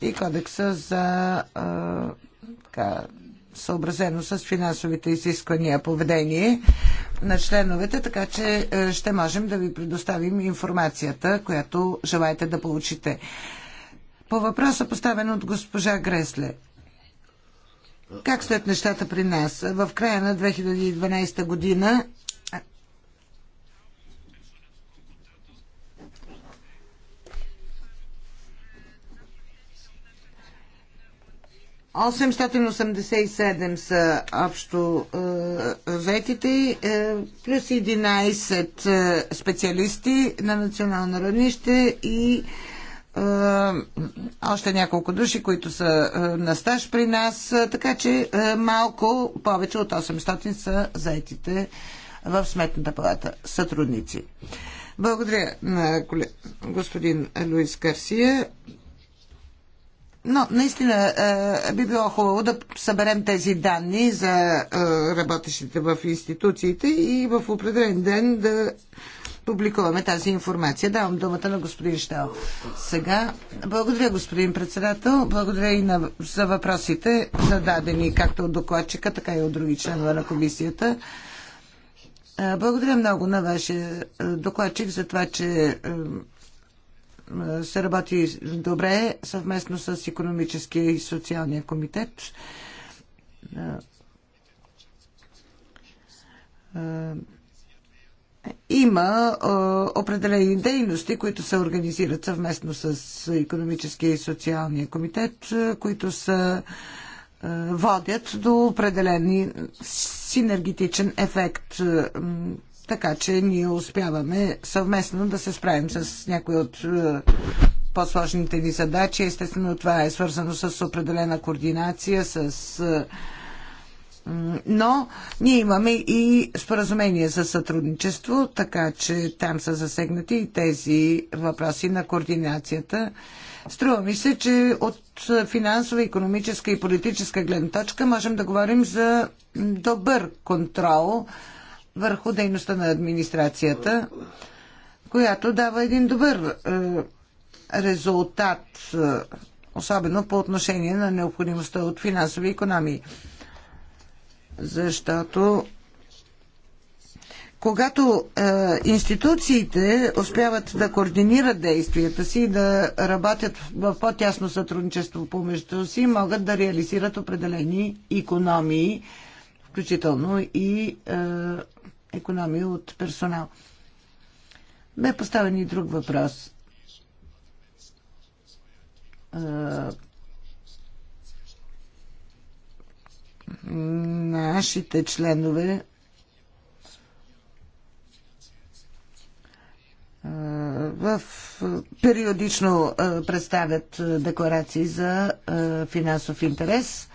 B: и кодекса за така, съобразено с финансовите изисквания поведение на членовете, така че е, ще можем да ви предоставим информацията, която желаете да получите. По въпроса поставен от госпожа Гресле. Как стоят нещата при нас? В края на 2012 година 887 са общо е, заетите, е, плюс 11 е, специалисти на национално равнище и е, още няколко души, които са е, на стаж при нас, е, така че е, малко повече от 800 са заетите в Сметната палата сътрудници. Благодаря на господин Луис Карсия. Но наистина е, би било хубаво да съберем тези данни за е, работещите в институциите и в определен ден да публикуваме тази информация. Давам думата на господин Штал. Сега, благодаря господин председател, благодаря и на, за въпросите, зададени както от докладчика, така и от други членове на комисията. Е, благодаря много на вашия докладчик за това, че се работи добре съвместно с економическия и социалния комитет. Има определени дейности, които се организират съвместно с економическия и социалния комитет, които са водят до определен синергетичен ефект така че ние успяваме съвместно да се справим с някои от е, по-сложните ни задачи. Естествено, това е свързано с определена координация, с е, но ние имаме и споразумение за сътрудничество, така че там са засегнати и тези въпроси на координацията. Струва ми се, че от финансова, економическа и политическа гледна точка можем да говорим за добър контрол върху дейността на администрацията, която дава един добър е, резултат, е, особено по отношение на необходимостта от финансови економии. Защото когато е, институциите успяват да координират действията си и да работят в по-тясно сътрудничество помежду си, могат да реализират определени економии включително и е, економии от персонал. Бе поставен и друг въпрос. Е, нашите членове е, в периодично представят декларации за финансов интерес.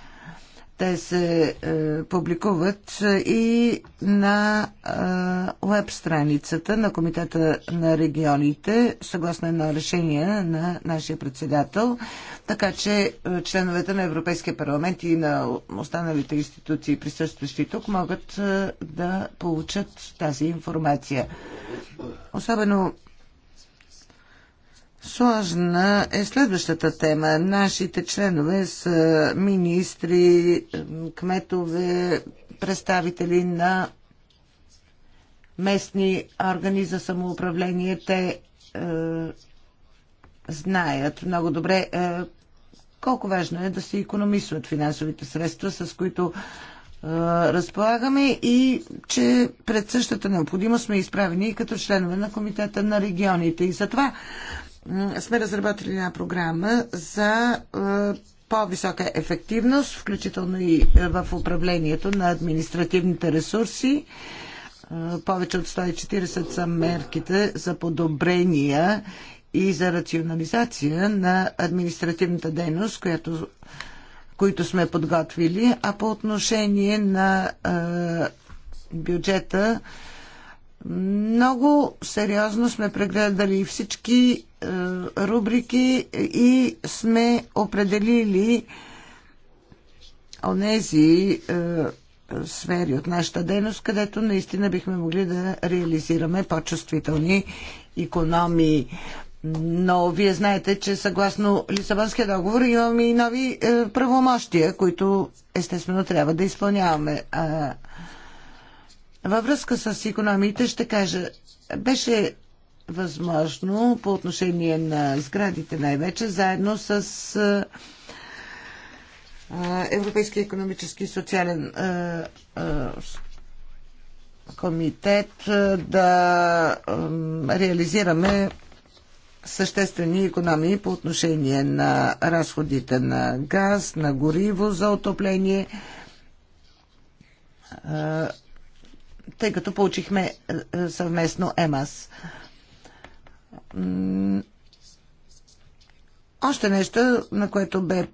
B: Те се е, публикуват и на е, веб страницата на Комитета на регионите, съгласно едно решение на нашия председател. Така че е, членовете на Европейския парламент и на останалите институции, присъстващи тук, могат е, да получат тази информация. Особено Сложна е следващата тема. Нашите членове са министри, кметове, представители на местни органи за самоуправление. Те е, знаят много добре е, колко важно е да се економисват финансовите средства, с които е, разполагаме и че пред същата необходимост сме изправени и като членове на Комитета на регионите. И затова сме разработили една програма за е, по-висока ефективност, включително и е, в управлението на административните ресурси. Е, повече от 140 са мерките за подобрения и за рационализация на административната дейност, която, които сме подготвили. А по отношение на бюджета, много сериозно сме прегледали всички е, рубрики и сме определили онези е, сфери от нашата дейност, където наистина бихме могли да реализираме по-чувствителни економии. Но вие знаете, че съгласно Лисабонския договор имаме и нови е, правомощия, които естествено трябва да изпълняваме. Е, във връзка с економиите ще кажа, беше възможно по отношение на сградите най-вече, заедно с Европейския економически и социален комитет да реализираме съществени економии по отношение на разходите на газ, на гориво за отопление тъй като получихме е, е, съвместно ЕМАС. Още нещо, на което бе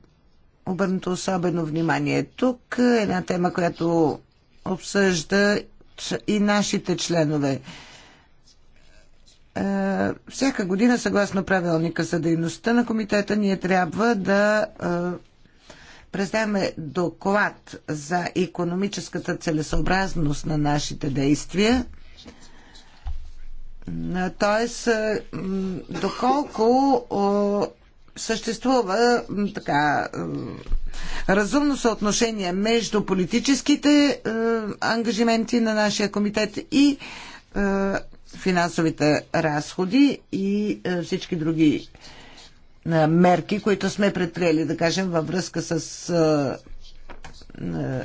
B: обърнато особено внимание тук, е една тема, която обсъжда и нашите членове. Е, всяка година, съгласно правилника за дейността на комитета, ние трябва да представяме доклад за економическата целесообразност на нашите действия. Тоест, е, доколко съществува така е, разумно съотношение между политическите е, ангажименти на нашия комитет и финансовите разходи и всички други мерки, които сме предприели, да кажем, във връзка с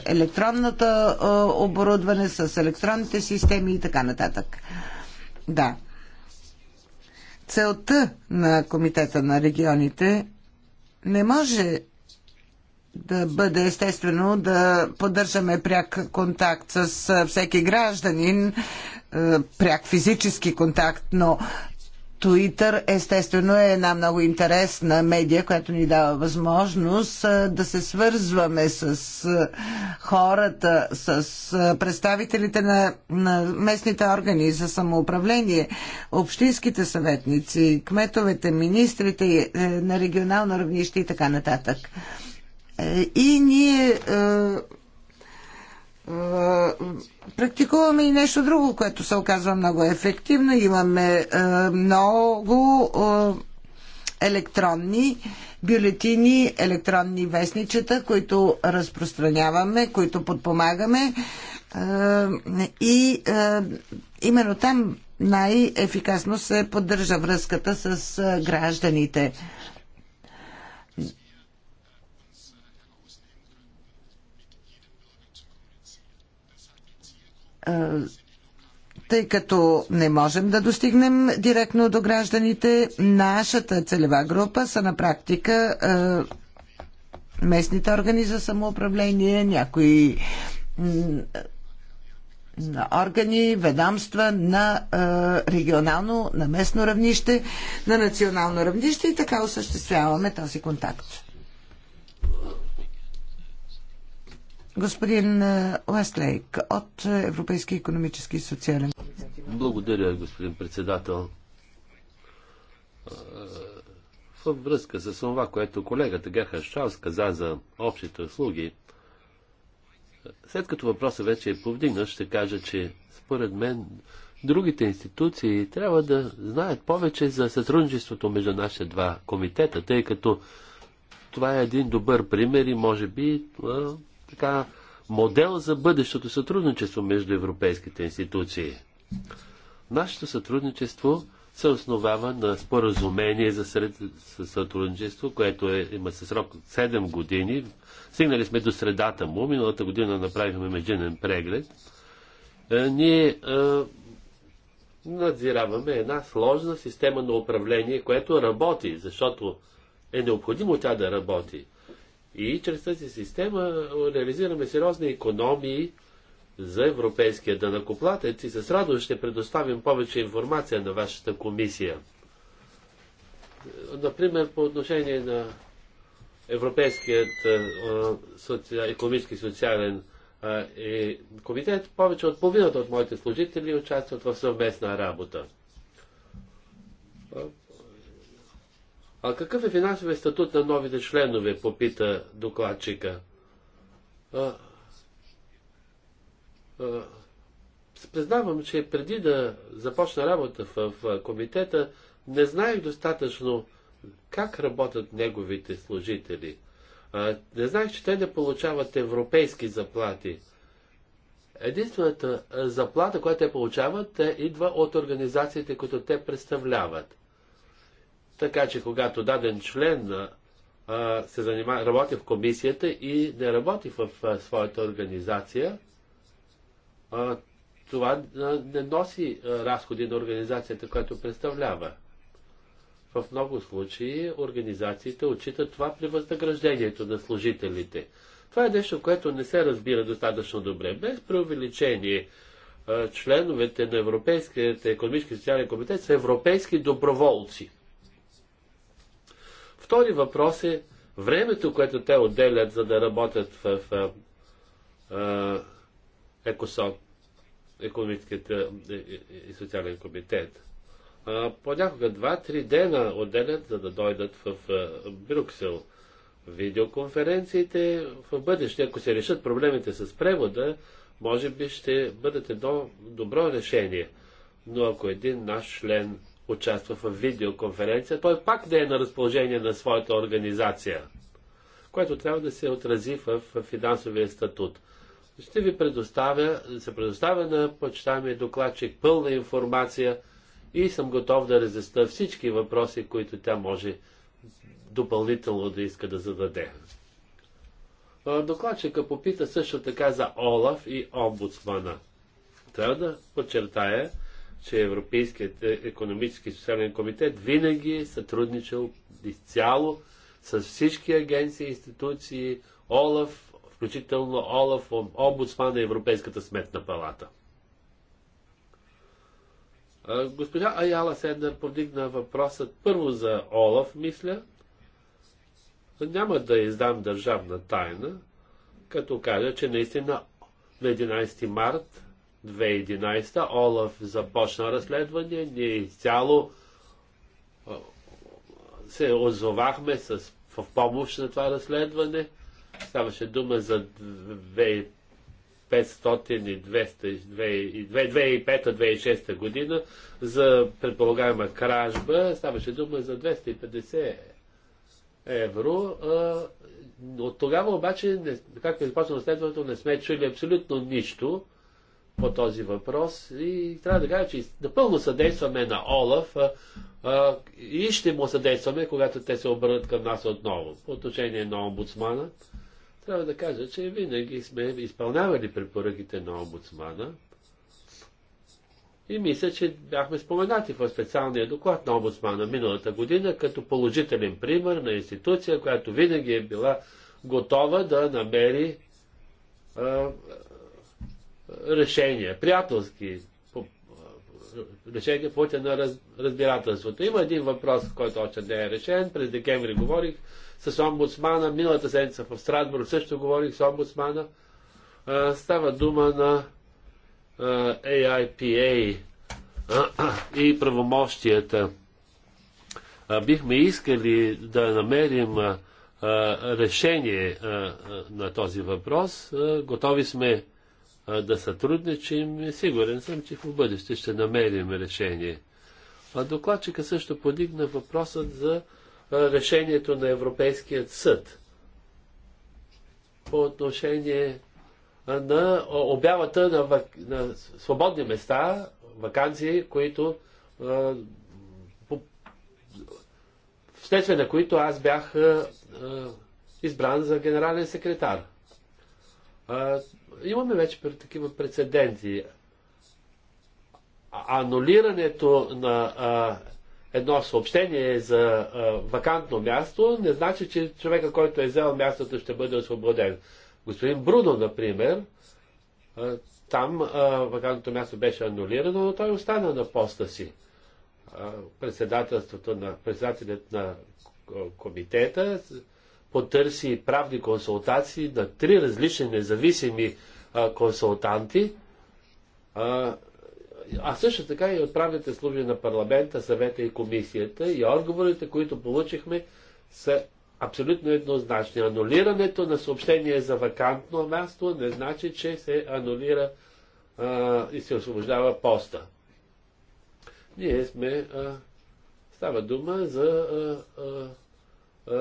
B: електронната оборудване, с електронните системи и така нататък. Да. Целта на Комитета на регионите не може да бъде естествено да поддържаме пряк контакт с всеки гражданин, пряк физически контакт, но Twitter естествено е една много интересна медия, която ни дава възможност да се свързваме с хората, с представителите на, на местните органи за самоуправление, общинските съветници, кметовете, министрите е, на регионално равнище и така нататък. Е, и ние е, е, практикуваме и нещо друго, което се оказва много ефективно. Имаме е, много е, електронни бюлетини, електронни вестничета, които разпространяваме, които подпомагаме. И именно там най-ефикасно се поддържа връзката с гражданите. Е, тъй като не можем да достигнем директно до гражданите, нашата целева група са на практика е, местните органи за самоуправление, някои органи, ведомства на е, регионално, на местно равнище, на национално равнище и така осъществяваме този контакт. Господин е, Уестлейк от Европейски економически и социален.
C: Благодаря, господин председател. Е, във връзка с това, което колегата Герхард Шаус каза за общите услуги, след като въпросът вече е повдигнат, ще кажа, че според мен другите институции трябва да знаят повече за сътрудничеството между нашите два комитета, тъй като това е един добър пример и може би е, така модел за бъдещото сътрудничество между европейските институции. Нашето сътрудничество се основава на споразумение за сред... сътрудничество, което е, има със срок 7 години. Стигнали сме до средата му. Миналата година направихме междинен преглед. Е, ние е, надзираваме една сложна система на управление, което работи, защото е необходимо тя да работи. И чрез тази система реализираме сериозни економии за европейския данакоплатец и с радост ще предоставим повече информация на вашата комисия. Например, по отношение на Европейският е, економически социален е, е, комитет, повече от половината от моите служители участват в съвместна работа. А какъв е финансовият статут на новите членове, попита докладчика. А, а, признавам, че преди да започна работа в, в комитета, не знаех достатъчно как работят неговите служители. А, не знаех, че те не получават европейски заплати. Единствената заплата, която те получават, те идва от организациите, които те представляват. Така че когато даден член а, се занимава, работи в комисията и не работи в а, своята организация, а, това а, не носи а, разходи на организацията, която представлява. В много случаи организациите отчитат това при възнаграждението на служителите. Това е нещо, което не се разбира достатъчно добре. Без преувеличение, членовете на Европейския економически и социален комитет са европейски доброволци – Втори въпрос е времето, което те отделят, за да работят в, в, в ЕКОСОН, Економическият и социален комитет. А, понякога 2-3 дена отделят, за да дойдат в, в Брюксел. Видеоконференциите в бъдеще, ако се решат проблемите с превода, може би ще бъдат едно добро решение. Но ако един наш член участва в видеоконференция, той пак да е на разположение на своята организация, което трябва да се отрази в финансовия статут. Ще ви предоставя, се предоставя на почитаемия докладчик пълна информация и съм готов да разясна всички въпроси, които тя може допълнително да иска да зададе. Докладчика попита също така за Олаф и омбудсмана. Трябва да подчертая, че Европейският економически и социален комитет винаги е сътрудничал изцяло с всички агенции, институции, ОЛАФ, включително ОЛАФ, омбудсман на Европейската сметна палата. Госпожа Аяла Сендър повдигна въпросът първо за Олаф, мисля. Няма да издам държавна тайна, като кажа, че наистина на 11 март 2011 Олаф започна разследване, ние изцяло се озовахме с, в помощ на това разследване. Ставаше дума за 2500 и 2005-2006 година за предполагаема кражба. Ставаше дума за 250 евро. От тогава обаче, както е започнало следването, не сме чули абсолютно нищо по този въпрос и трябва да кажа, че напълно съдействаме на Олаф а, а, и ще му съдействаме, когато те се обърнат към нас отново. По отношение на омбудсмана, трябва да кажа, че винаги сме изпълнявали препоръките на омбудсмана и мисля, че бяхме споменати в специалния доклад на омбудсмана миналата година като положителен пример на институция, която винаги е била готова да намери а, решения, приятелски решения, пътя на разбирателството. Има един въпрос, който още не е решен. През декември говорих с омбудсмана, миналата седмица в Страсбург също говорих с омбудсмана. става дума на AIPA и правомощията. бихме искали да намерим решение на този въпрос. готови сме да сътрудничим. Сигурен съм, че в бъдеще ще намерим решение. А докладчика също подигна въпросът за решението на Европейският съд по отношение на обявата на, вак... на свободни места, вакансии, които вследствие на които аз бях избран за генерален секретар. Имаме вече такива прецеденти. Анулирането на а, едно съобщение за а, вакантно място не значи, че човека, който е взел мястото, ще бъде освободен. Господин Бруно, например, а, там а, вакантното място беше анулирано, но той остана на поста си. А, председателството на председателят на комитета потърси правни консултации на три различни независими а, консултанти, а, а също така и от правните служби на парламента, съвета и комисията и отговорите, които получихме, са абсолютно еднозначни. Анулирането на съобщение за вакантно място не значи, че се анулира а, и се освобождава поста. Ние сме. А, става дума за а, а, е,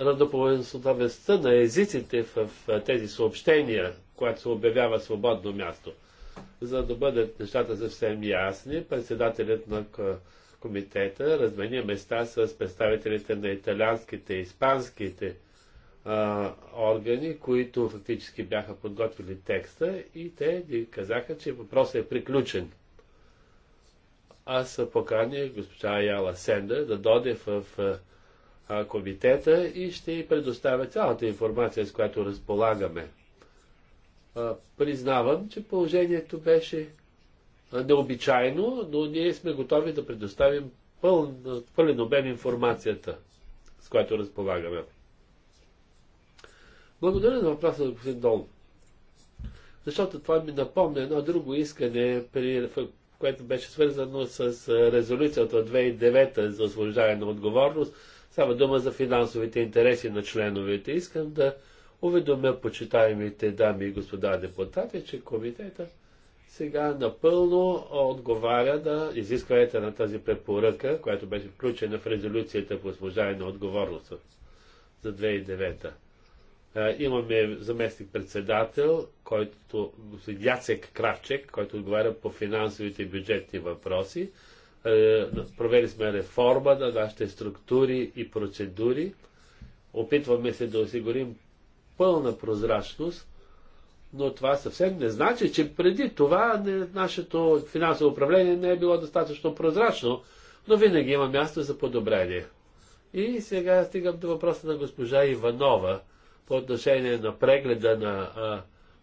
C: равноповесността на езиците в тези съобщения, когато се обявява свободно място. За да бъдат нещата съвсем ясни, председателят на комитета размени места с представителите на италианските и испанските а, органи, които фактически бяха подготвили текста и те ни казаха, че въпросът е приключен. Аз поканя госпожа Яла Сендер да доде в, в комитета и ще й предоставя цялата информация, с която разполагаме. Признавам, че положението беше необичайно, но ние сме готови да предоставим пълен, пълен обем информацията, с която разполагаме. Благодаря за въпроса господин Дол. Защото това ми напомня едно друго искане, при, което беше свързано с резолюцията от 2009 за освобождаване на отговорност, Става дума за финансовите интереси на членовете. Искам да уведомя почитаемите дами и господа депутати, че комитета сега напълно отговаря на изискването на тази препоръка, която беше включена в резолюцията по освобождаване на отговорност за 2009. Имаме заместник-председател, който Яцек Кравчек, който отговаря по финансовите и бюджетни въпроси. Е, провели сме реформа на нашите структури и процедури. Опитваме се да осигурим пълна прозрачност, но това съвсем не значи, че преди това не, нашето финансово управление не е било достатъчно прозрачно, но винаги има място за подобрение. И сега стигам до въпроса на госпожа Иванова по отношение на прегледа на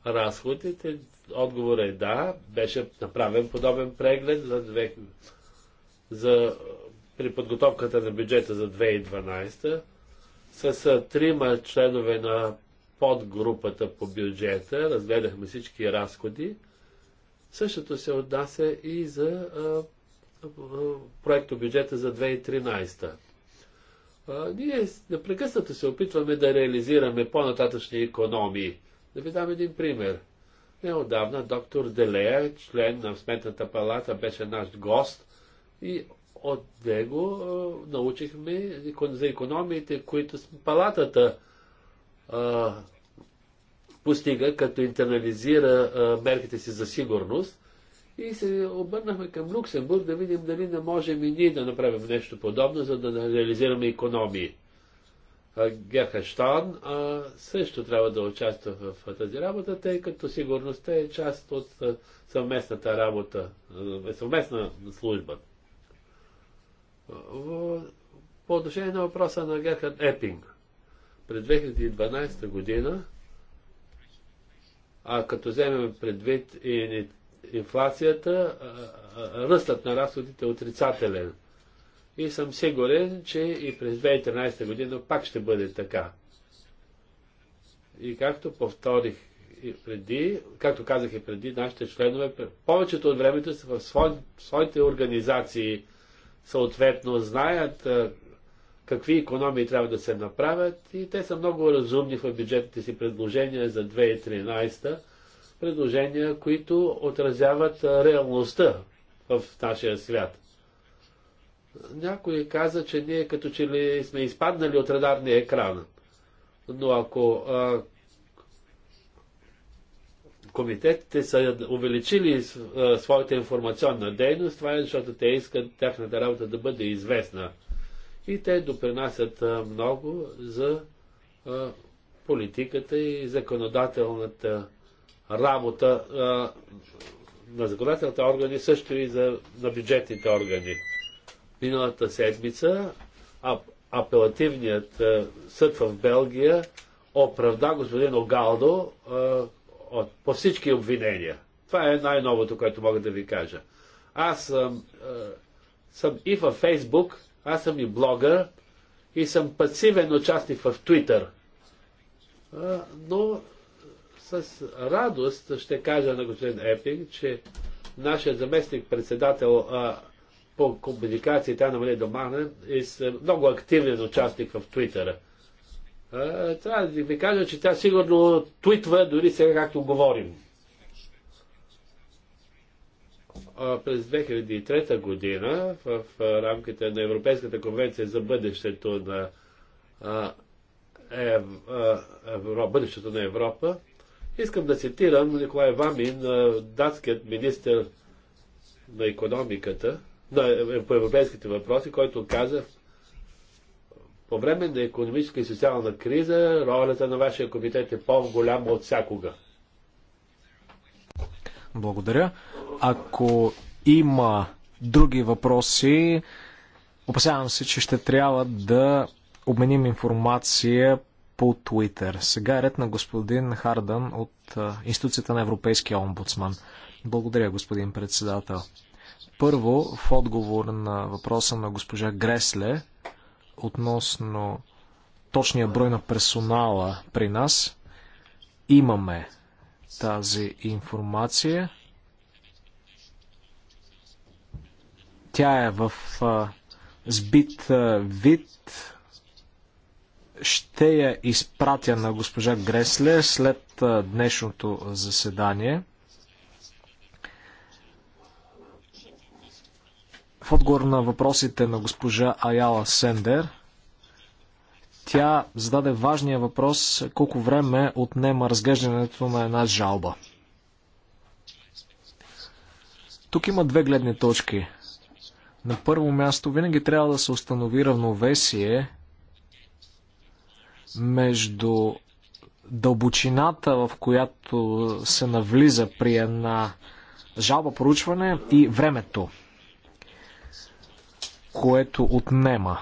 C: а, разходите. Отговорът е да, беше направен подобен преглед за за, при подготовката на бюджета за 2012 с трима членове на подгрупата по бюджета, разгледахме всички разходи. Същото се отнася и за проекто бюджета за 2013. А, ние непрекъснато се опитваме да реализираме по-нататъчни економии. Да ви дам един пример. Неодавна доктор Делея, член на Сметната палата, беше наш гост и от него а, научихме за економиите, които палатата а, постига, като интернализира а, мерките си за сигурност. И се обърнахме към Люксембург да видим дали не можем и ние да направим нещо подобно, за да реализираме економии. Гехаштан също трябва да участва в, в тази работа, тъй като сигурността е част от съвместната работа, е съвместна служба. По отношение на въпроса на Герхард Епинг. През 2012 година, а като вземем предвид и инфлацията, ръстът на разходите е отрицателен. И съм сигурен, че и през 2013 година пак ще бъде така. И както повторих и преди, както казах и преди, нашите членове повечето от времето са в своите организации съответно знаят какви економии трябва да се направят и те са много разумни в бюджетните си предложения за 2013 предложения, които отразяват реалността в нашия свят. Някой каза, че ние като че ли сме изпаднали от радарния екран. Но ако комитетите са увеличили своята информационна дейност, това е защото те искат тяхната работа да бъде известна. И те допринасят много за политиката и законодателната работа на законодателните органи, също и за, на бюджетните органи. Миналата седмица а, апелативният съд в Белгия оправда господин Огалдо, от, по всички обвинения. Това е най-новото, което мога да ви кажа. Аз съм, е, съм и във Фейсбук, аз съм и блогър и съм пасивен участник в Твитър. Е, но с радост ще кажа на господин Епинг, че нашия заместник председател е, по комуникации Тана Мария Домана е, е много активен участник в Твитъра. Трябва да ви кажа, че тя сигурно твитва дори сега както говорим. През 2003 година в рамките на Европейската конвенция за бъдещето на Европа, бъдещето на Европа, искам да цитирам Николай Вамин, датският министр на економиката, на, е, по европейските въпроси, който каза по време на економическа и социална криза ролята на вашия комитет е по-голяма от всякога.
A: Благодаря. Ако има други въпроси, опасявам се, че ще трябва да обменим информация по Twitter. Сега е ред на господин Хардан от Институцията на Европейския омбудсман. Благодаря, господин председател. Първо, в отговор на въпроса на госпожа Гресле, относно точния брой на персонала при нас. Имаме тази информация. Тя е в а, сбит а, вид. Ще я изпратя на госпожа Гресле след а, днешното заседание. В отговор на въпросите на госпожа Аяла Сендер, тя зададе важния въпрос колко време отнема разглеждането на една жалба. Тук има две гледни точки. На първо място винаги трябва да се установи равновесие между дълбочината, в която се навлиза при една жалба проучване и времето което отнема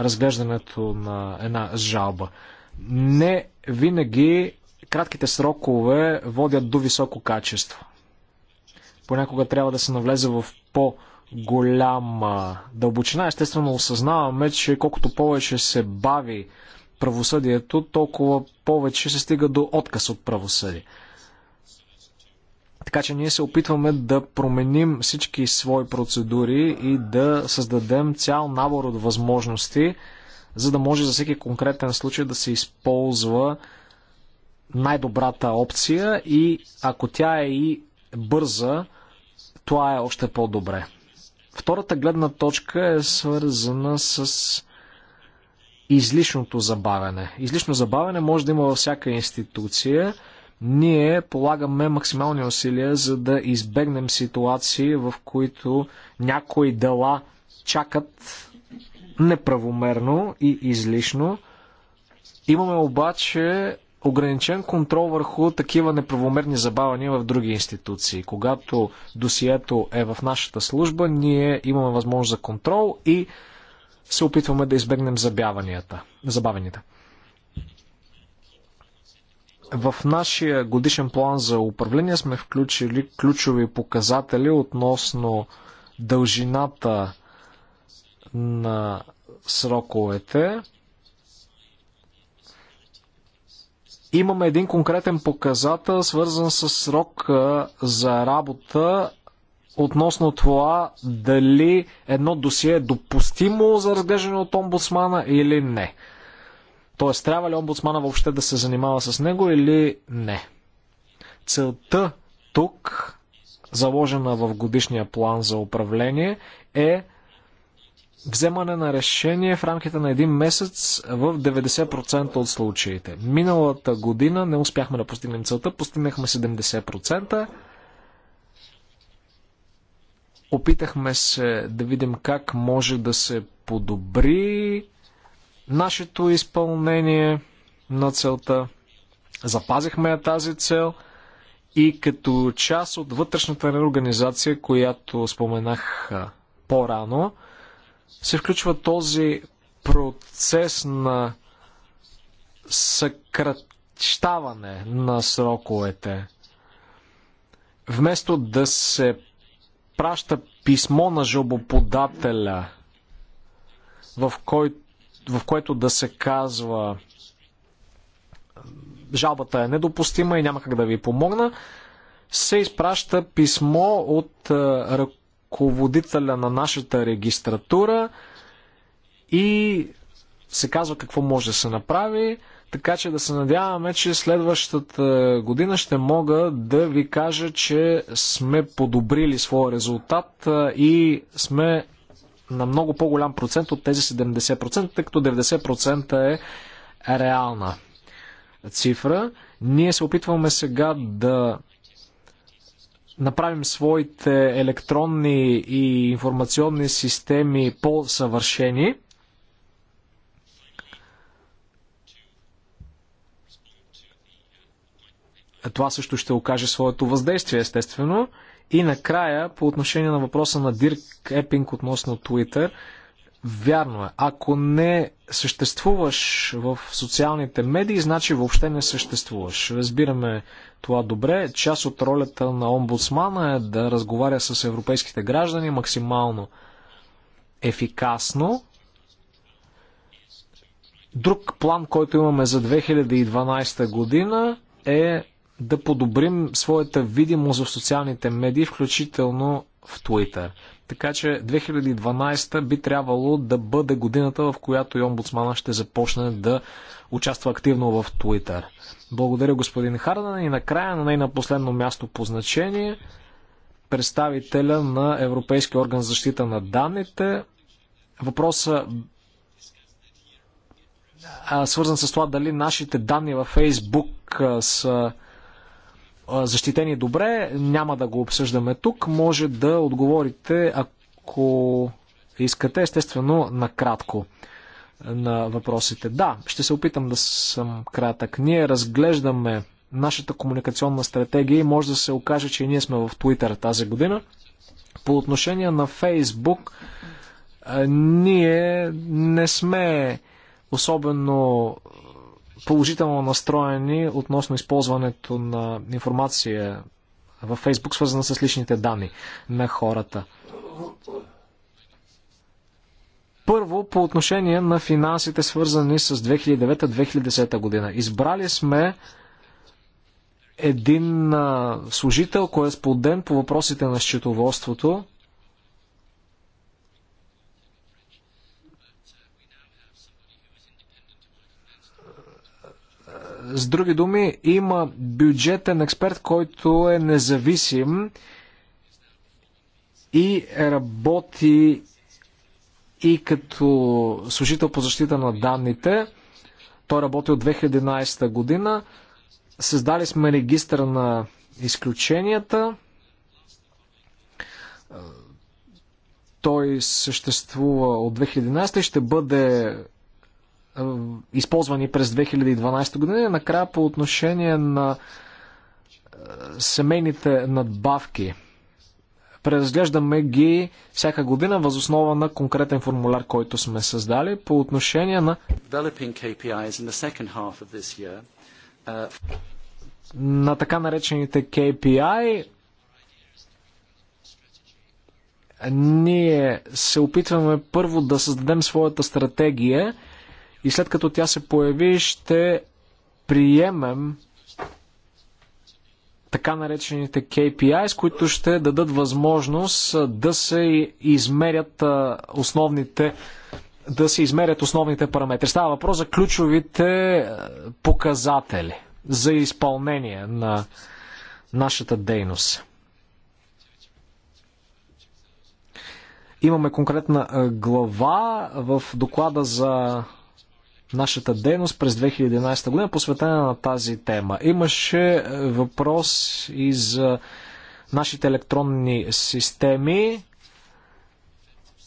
A: разглеждането на една жалба. Не винаги кратките срокове водят до високо качество. Понякога трябва да се навлезе в по- голяма дълбочина. Естествено осъзнаваме, че колкото повече се бави правосъдието, толкова повече се стига до отказ от правосъдие. Така че ние се опитваме да променим всички свои процедури и да създадем цял набор от възможности, за да може за всеки конкретен случай да се използва най-добрата опция и ако тя е и бърза, това е още по-добре. Втората гледна точка е свързана с излишното забавяне. Излишно забавяне може да има във всяка институция – ние полагаме максимални усилия, за да избегнем ситуации, в които някои дела чакат неправомерно и излишно. Имаме обаче ограничен контрол върху такива неправомерни забавания в други институции. Когато досието е в нашата служба, ние имаме възможност за контрол и се опитваме да избегнем забаванията. забавенията. В нашия годишен план за управление сме включили ключови показатели относно дължината на сроковете. Имаме един конкретен показател, свързан с срока за работа относно това дали едно досие е допустимо за разглеждане от омбудсмана или не. Тоест, трябва ли омбудсмана въобще да се занимава с него или не? Целта тук, заложена в годишния план за управление, е вземане на решение в рамките на един месец в 90% от случаите. Миналата година не успяхме да постигнем целта, постигнахме 70%. Опитахме се да видим как може да се подобри нашето изпълнение на целта. Запазихме тази цел и като част от вътрешната реорганизация, която споменах по-рано, се включва този процес на съкръщаване на сроковете. Вместо да се праща писмо на жобоподателя, в който в което да се казва жалбата е недопустима и няма как да ви помогна, се изпраща писмо от е, ръководителя на нашата регистратура и се казва какво може да се направи, така че да се надяваме, че следващата година ще мога да ви кажа, че сме подобрили своя резултат е, и сме на много по-голям процент от тези 70%, тъй като 90% е реална цифра. Ние се опитваме сега да направим своите електронни и информационни системи по-съвършени. Това също ще окаже своето въздействие, естествено. И накрая, по отношение на въпроса на Дирк Епинг относно Twitter, вярно е, ако не съществуваш в социалните медии, значи въобще не съществуваш. Разбираме това добре. Част от ролята на омбудсмана е да разговаря с европейските граждани максимално ефикасно. Друг план, който имаме за 2012 година е да подобрим своята видимост в социалните медии, включително в Twitter. Така че 2012 би трябвало да бъде годината, в която и омбудсмана ще започне да участва активно в Twitter. Благодаря господин Хардан и накрая, на не на последно място по значение, представителя на Европейския орган за защита на данните. Въпросът свързан с това дали нашите данни във Фейсбук са защитени добре. Няма да го обсъждаме тук. Може да отговорите, ако искате, естествено, накратко на въпросите. Да, ще се опитам да съм кратък. Ние разглеждаме нашата комуникационна стратегия и може да се окаже, че ние сме в Twitter тази година. По отношение на Facebook, ние не сме особено положително настроени относно използването на информация във Фейсбук, свързана с личните данни на хората. Първо, по отношение на финансите, свързани с 2009-2010 година. Избрали сме един служител, кореспондент по въпросите на счетоводството, С други думи, има бюджетен експерт, който е независим и работи и като служител по защита на данните. Той работи от 2011 година. Създали сме регистър на изключенията. Той съществува от 2011 и ще бъде използвани през 2012 година. И накрая по отношение на семейните надбавки. Преразглеждаме ги всяка година възоснова на конкретен формуляр, който сме създали. По отношение на
C: uh,
A: на така наречените KPI, ние се опитваме първо да създадем своята стратегия, и след като тя се появи, ще приемем така наречените KPIs, които ще дадат възможност да се измерят основните да се измерят основните параметри. Става въпрос за ключовите показатели за изпълнение на нашата дейност. Имаме конкретна глава в доклада за нашата дейност през 2011 година, посветена на тази тема. Имаше е, въпрос и за нашите електронни системи.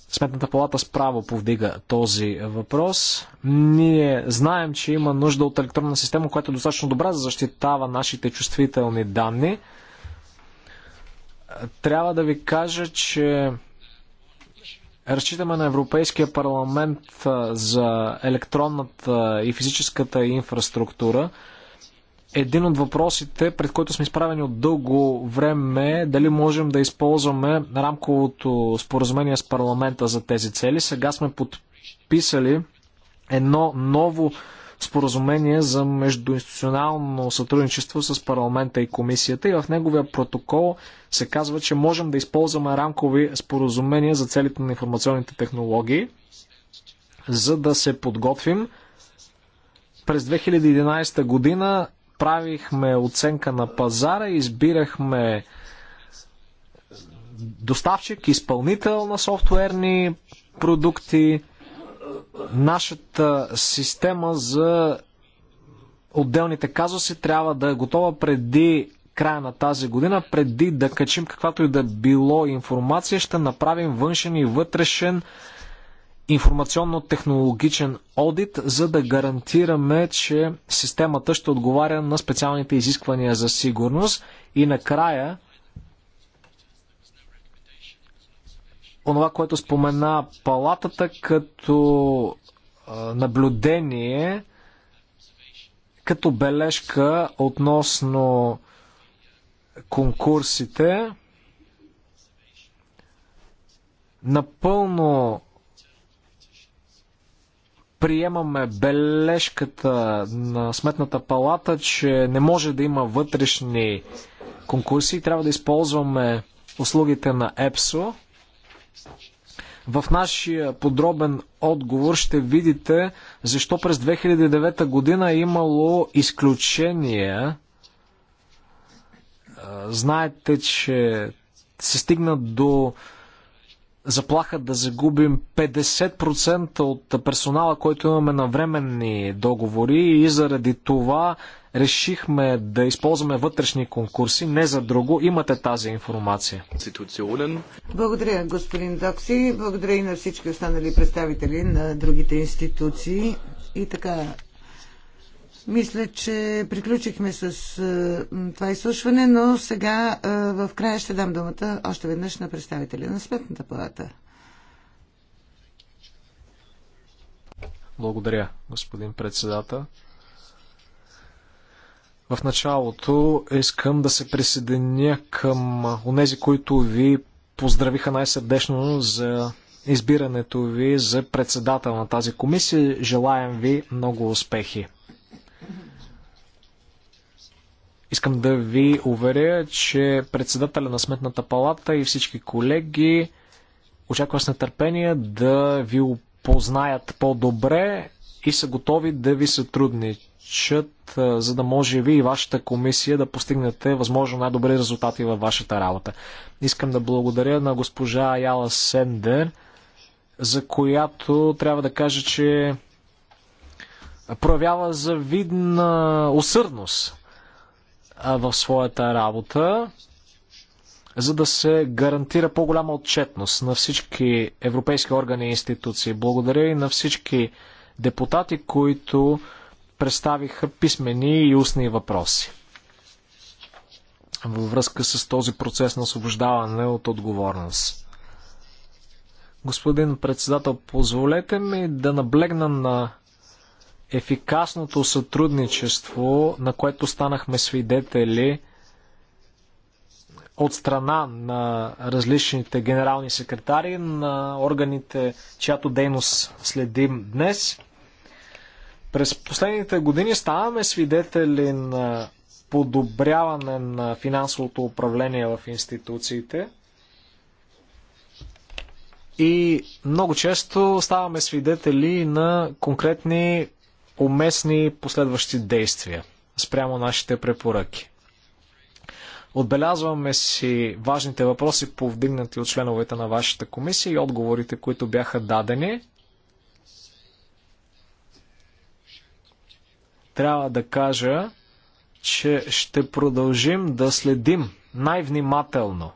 A: Сметната палата справо повдига този въпрос. Ние знаем, че има нужда от електронна система, която е достатъчно добра за защитава нашите чувствителни данни. Трябва да ви кажа, че Разчитаме на Европейския парламент за електронната и физическата инфраструктура. Един от въпросите, пред който сме изправени от дълго време, е дали можем да използваме рамковото споразумение с парламента за тези цели. Сега сме подписали едно ново споразумение за междуинституционално сътрудничество с парламента и комисията и в неговия протокол се казва, че можем да използваме рамкови споразумения за целите на информационните технологии, за да се подготвим. През 2011 година правихме оценка на пазара, избирахме доставчик, изпълнител на софтуерни продукти, нашата система за отделните казуси трябва да е готова преди края на тази година, преди да качим каквато и да било информация, ще направим външен и вътрешен информационно-технологичен одит, за да гарантираме, че системата ще отговаря на специалните изисквания за сигурност и накрая онова, което спомена палатата като наблюдение, като бележка относно конкурсите. Напълно приемаме бележката на Сметната палата, че не може да има вътрешни конкурси и трябва да използваме услугите на ЕПСО. В нашия подробен отговор ще видите защо през 2009 година е имало изключения. Знаете, че се стигна до заплаха да загубим 50% от персонала, който имаме на временни договори и заради това решихме да използваме вътрешни конкурси, не за друго. Имате тази информация.
B: Благодаря, господин Докси. Благодаря и на всички останали представители на другите институции. И така, мисля, че приключихме с е, това изслушване, но сега е, в края ще дам думата още веднъж на представителя на Сметната палата.
A: Благодаря, господин председател. В началото искам да се присъединя към онези, които ви поздравиха най-сърдечно за избирането ви за председател на тази комисия. Желаем ви много успехи. Искам да ви уверя, че председателя на Сметната палата и всички колеги очаква с нетърпение да ви опознаят по-добре и са готови да ви сътрудничат, за да може ви и вашата комисия да постигнете възможно най-добри резултати във вашата работа. Искам да благодаря на госпожа Яла Сендер, за която трябва да кажа, че проявява завидна усърдност в своята работа, за да се гарантира по-голяма отчетност на всички европейски органи и институции. Благодаря и на всички депутати, които представиха писмени и устни въпроси във връзка с този процес на освобождаване от отговорност. Господин председател, позволете ми да наблегна на ефикасното сътрудничество, на което станахме свидетели от страна на различните генерални секретари на органите, чиято дейност следим днес. През последните години ставаме свидетели на подобряване на финансовото управление в институциите и много често ставаме свидетели на конкретни уместни последващи действия спрямо нашите препоръки. Отбелязваме си важните въпроси, повдигнати от членовете на вашата комисия и отговорите, които бяха дадени. трябва да кажа, че ще продължим да следим най-внимателно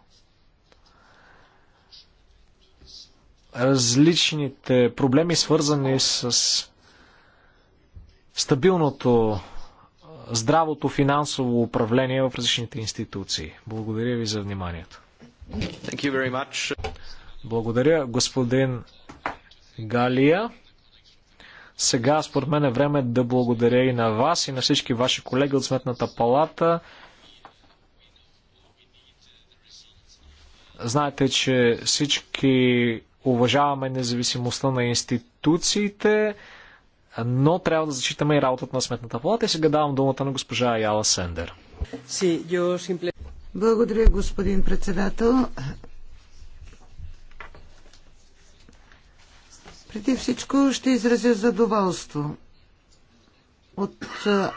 A: различните проблеми, свързани с стабилното, здравото финансово управление в различните институции. Благодаря ви за вниманието. Благодаря, господин Галия. Сега, според мен, е време да благодаря и на вас и на всички ваши колеги от Сметната палата. Знаете, че всички уважаваме независимостта на институциите, но трябва да зачитаме и работата на Сметната палата. И сега давам думата на госпожа Яла Сендер.
B: Благодаря, господин председател. Преди всичко ще изразя задоволство от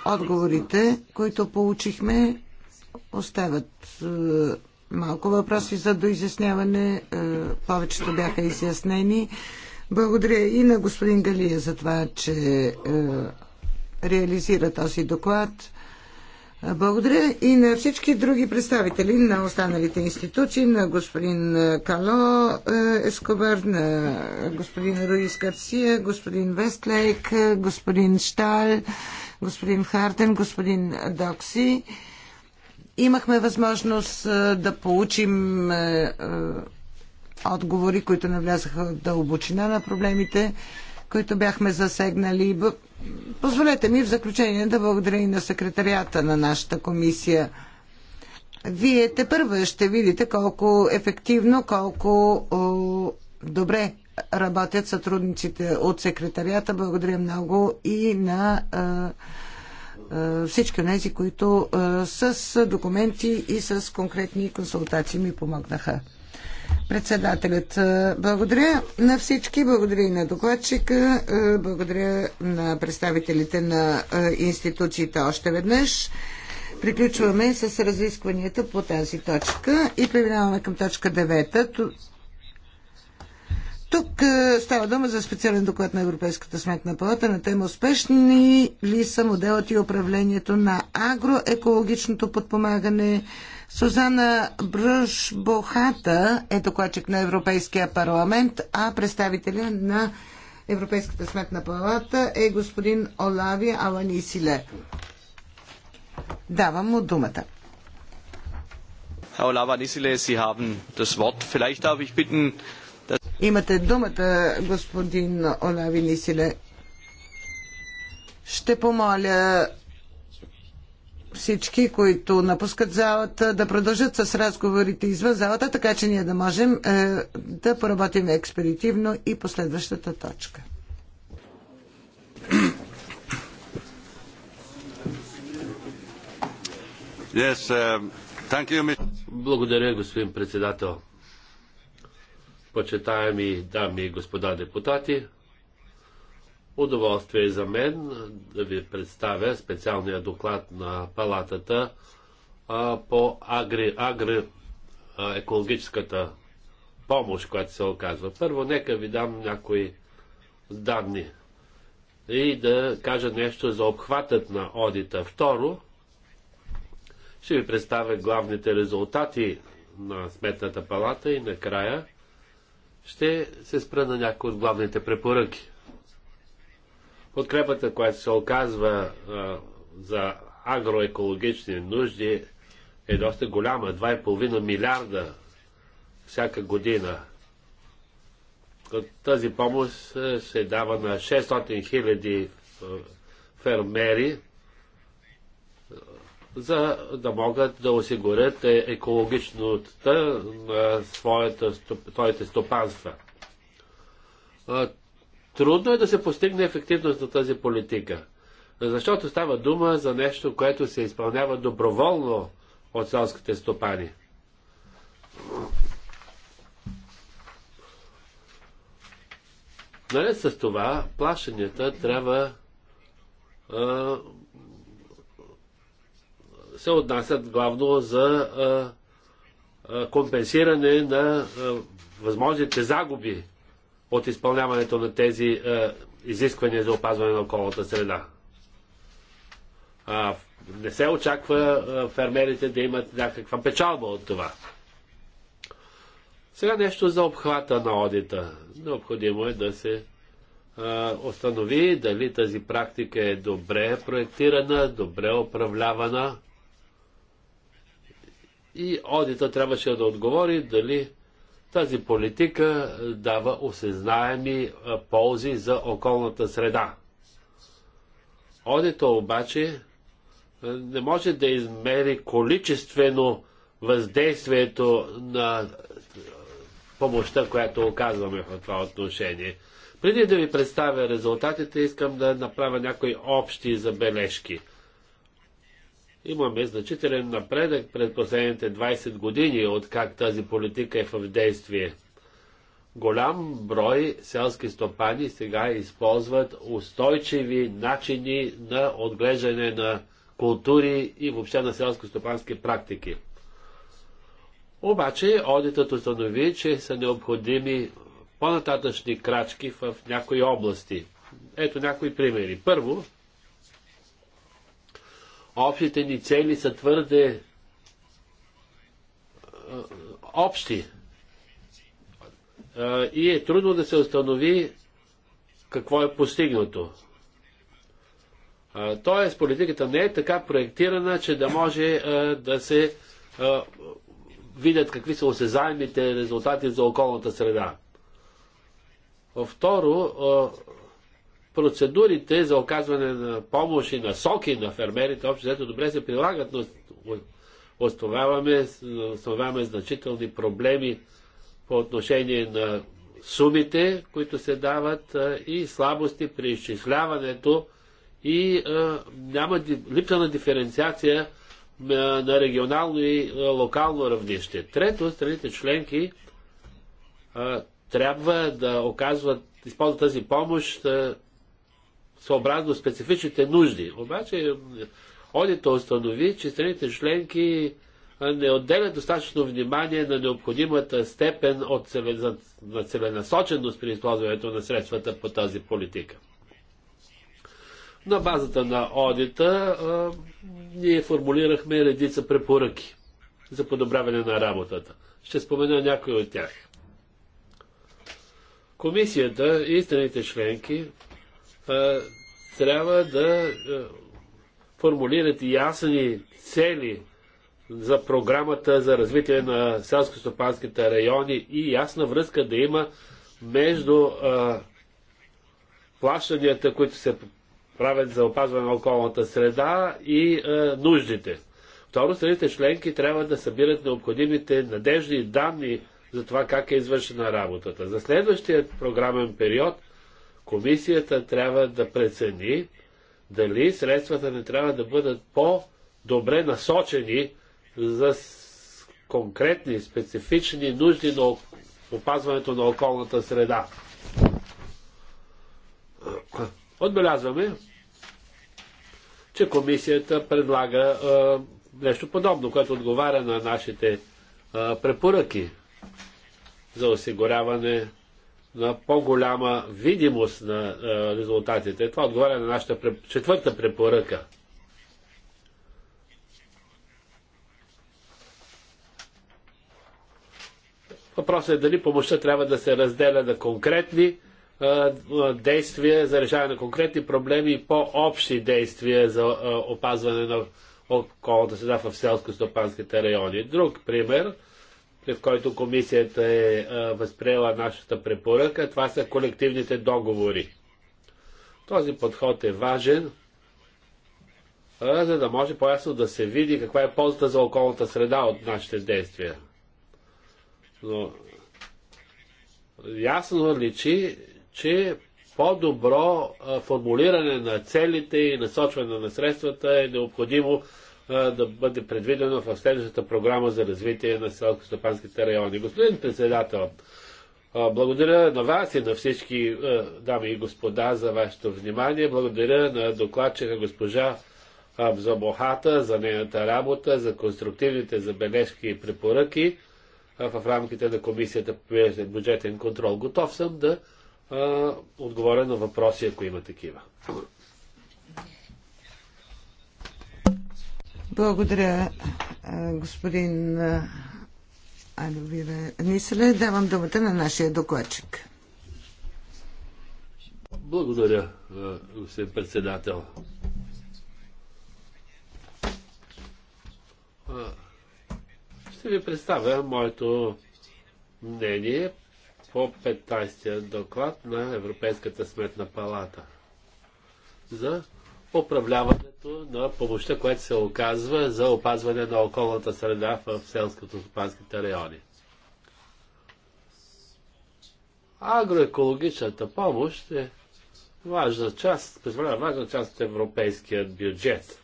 B: отговорите, които получихме. Остават малко въпроси за доизясняване. Повечето бяха изяснени. Благодаря и на господин Галия за това, че реализира този доклад. Благодаря и на всички други представители на останалите институции, на господин Кало е, Ескобър, на господин Руис Гарсия, господин Вестлейк, е, господин Шталь, господин Хартен, господин Докси. Имахме възможност е, да получим отговори, които навлязаха в дълбочина на проблемите които бяхме засегнали. Позволете ми в заключение да благодаря и на секретарията на нашата комисия. Вие те първа ще видите колко ефективно, колко о, добре работят сътрудниците от секретарията. Благодаря много и на а, а, всички тези, които а, с документи и с конкретни консултации ми помогнаха. Председателят, е, благодаря на всички, благодаря и на докладчика, е, благодаря на представителите на е, институциите още веднъж. Приключваме с разискванията по тази точка и преминаваме към точка 9. Тук става дума за специален доклад на Европейската сметна палата на тема успешни ли са моделът и управлението на агроекологичното подпомагане Сузана Бръш-Бохата е докладчик на Европейския парламент, а представителя на Европейската сметна палата е господин Олави Аланисиле. Давам му думата.
A: Herr Olava Nisile, Sie haben das Wort. Vielleicht darf ich bitten, dass... Имате
B: думата, господин Олави Нисиле. Ще помоля всички, които напускат залата, да продължат с разговорите извън залата, така че ние да можем е, да поработим експеритивно и последващата точка.
C: Yes, uh, you, Благодаря, господин председател. Почитаеми дами и господа депутати, Удоволствие за мен да ви представя специалния доклад на палатата а, по агри, агри а, екологическата помощ, която се оказва. Първо, нека ви дам някои данни и да кажа нещо за обхватът на одита. Второ, ще ви представя главните резултати на Сметната палата и накрая ще се спра на някои от главните препоръки. Подкрепата, която се оказва а, за агроекологични нужди е доста голяма. 2,5 милиарда всяка година. От тази помощ се дава на 600 хиляди фермери, за да могат да осигурят е, екологичността на своите стопанства. Трудно е да се постигне ефективност на тази политика, защото става дума за нещо, което се изпълнява доброволно от селските стопани. Наред с това, плащанията трябва а, се отнасят главно за а, а, компенсиране на а, възможните загуби от изпълняването на тези е, изисквания за опазване на околната среда. А, не се очаква е, фермерите да имат някаква печалба от това. Сега нещо за обхвата на одита. Необходимо е да се е, установи дали тази практика е добре проектирана, добре управлявана. И одита трябваше да отговори дали тази политика е, дава осезнаеми е, ползи за околната среда. Одето обаче е, не може да измери количествено въздействието на помощта, която оказваме в това отношение. Преди да ви представя резултатите, искам да направя някои общи забележки – Имаме значителен напредък пред последните 20 години, от как тази политика е в действие. Голям брой селски стопани сега използват устойчиви начини на отглеждане на култури и въобще на селско-стопански практики. Обаче одитът установи, че са необходими по-нататъчни крачки в някои области. Ето някои примери. Първо, общите ни цели са твърде е, общи. Е, и е трудно да се установи какво е постигнато. Е, тоест, политиката не е така проектирана, че да може да се видят какви са осезаемите резултати за околната среда. Второ, процедурите за оказване на помощ и насоки на фермерите, общо взето добре се прилагат, но основаваме установяваме значителни проблеми по отношение на сумите, които се дават и слабости при изчисляването и а, няма липса на диференциация а, на регионално и а, локално равнище. Трето, страните членки трябва да оказват, използват тази помощ съобразно специфичните нужди. Обаче одита установи, че страните членки не отделят достатъчно внимание на необходимата степен от целен... на целенасоченост при използването на средствата по тази политика. На базата на одита а, ние формулирахме редица препоръки за подобряване на работата. Ще спомена някои от тях. Комисията и страните членки трябва да е, формулират ясни цели за програмата за развитие на селско-стопанските райони и ясна връзка да има между плащанията, които се правят за опазване на околната среда и а, нуждите. Второ, страните членки трябва да събират необходимите надежни данни за това как е извършена работата. За следващия програмен период – Комисията трябва да прецени дали средствата не трябва да бъдат по-добре насочени за конкретни, специфични нужди на опазването на околната среда. Отбелязваме, че комисията предлага а, нещо подобно, което отговаря на нашите а, препоръки за осигуряване на по-голяма видимост на резултатите. Това отговаря на нашата четвърта препоръка. Въпросът е дали помощта трябва да се разделя на конкретни действия за решаване на конкретни проблеми и по-общи действия за опазване на околната среда в селско-стопанските райони. Друг пример – в който комисията е възприела нашата препоръка. Това са колективните договори. Този подход е важен, за да може по-ясно да се види каква е ползата за околната среда от нашите действия. Но ясно личи, че по-добро формулиране на целите и насочване на средствата е необходимо да бъде предвидено в следващата програма за развитие на селско-стопанските райони. Господин председател, благодаря на вас и на всички дами и господа за вашето внимание. Благодаря на докладчика госпожа Абзобохата за нейната работа, за конструктивните забележки и препоръки в рамките на Комисията по бюджетен контрол. Готов съм да отговоря на въпроси, ако има такива.
B: Благодаря, господин Алювира Нисле. Давам думата на нашия докладчик.
C: Благодаря, господин председател. Ще ви представя моето мнение по 15-я доклад на Европейската сметна палата за управляването на помощта, която се оказва за опазване на околната среда в селското-стопанските райони. Агроекологичната помощ е важна част, представлява важна част от европейския бюджет.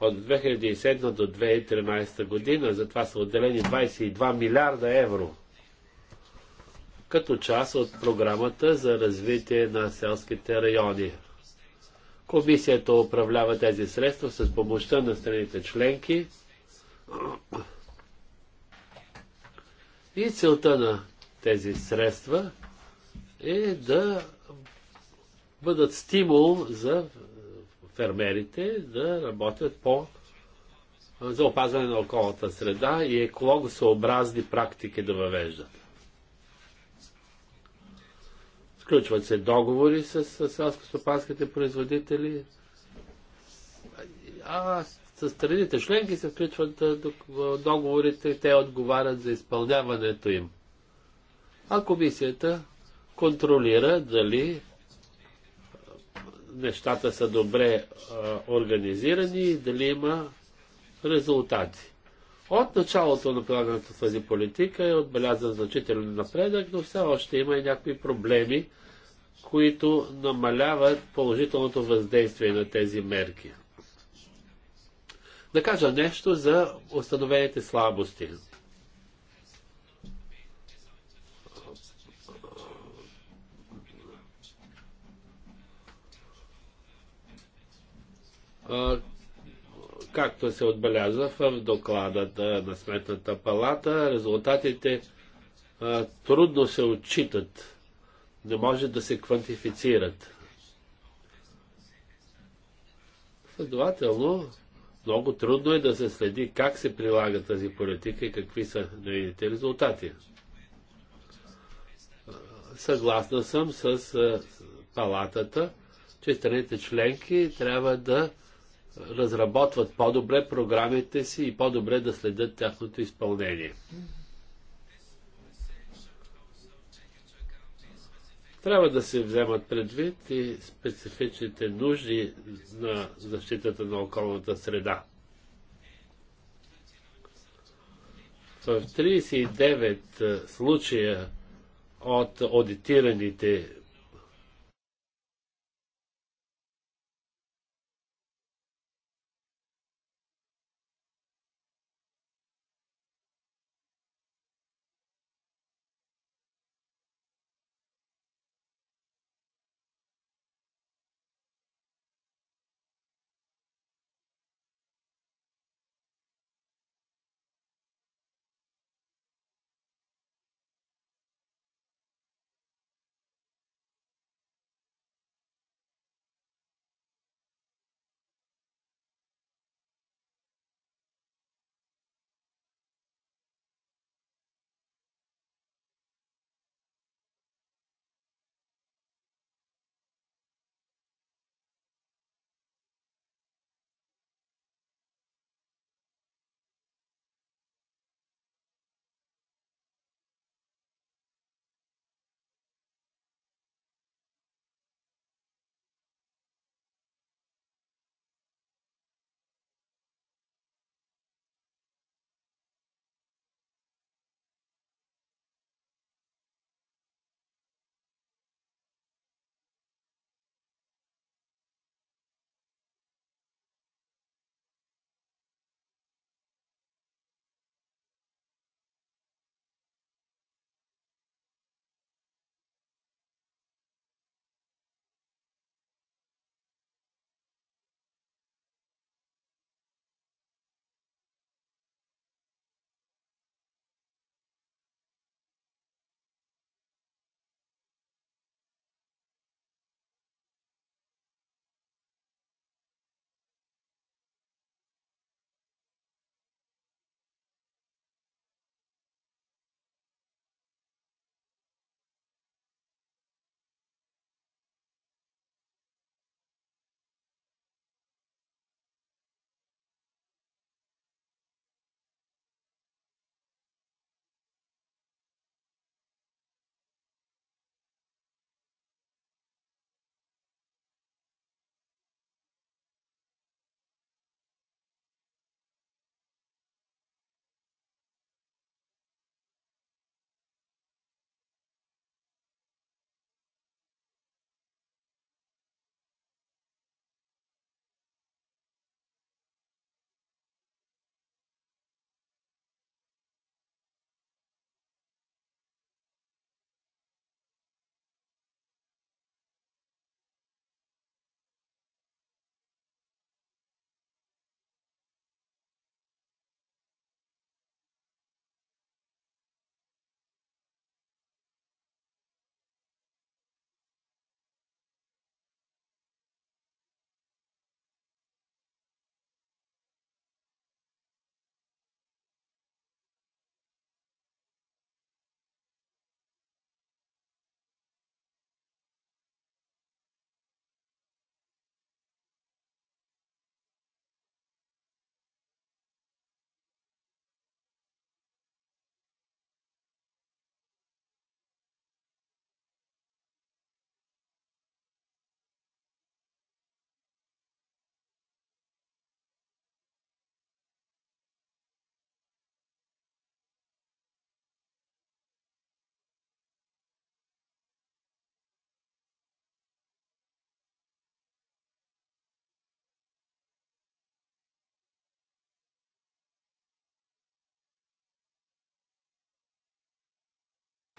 C: От 2007 до 2013 година за това са отделени 22 милиарда евро като част от програмата за развитие на селските райони Комисията управлява тези средства с помощта на страните членки. И целта на тези средства е да бъдат стимул за фермерите да работят по за опазване на околната среда и екологосъобразни практики да въвеждат. Сключват се договори с селско-стопанските производители, а с страните членки се включват договорите и те отговарят за изпълняването им. А комисията контролира дали нещата са добре организирани и дали има резултати. От началото на прилагането тази политика е отбелязан значителен напредък, но все още има и някакви проблеми които намаляват положителното въздействие на тези мерки. Да кажа нещо за установените слабости. Както се отбелязва в докладата на Сметната палата, резултатите трудно се отчитат не може да се квантифицират. Следователно, много трудно е да се следи как се прилага тази политика и какви са нейните резултати. Съгласна съм с палатата, че страните членки трябва да разработват по-добре програмите си и по-добре да следят тяхното изпълнение. Трябва да се вземат предвид и специфичните нужди на защитата на околната среда. В 39 случая от аудитираните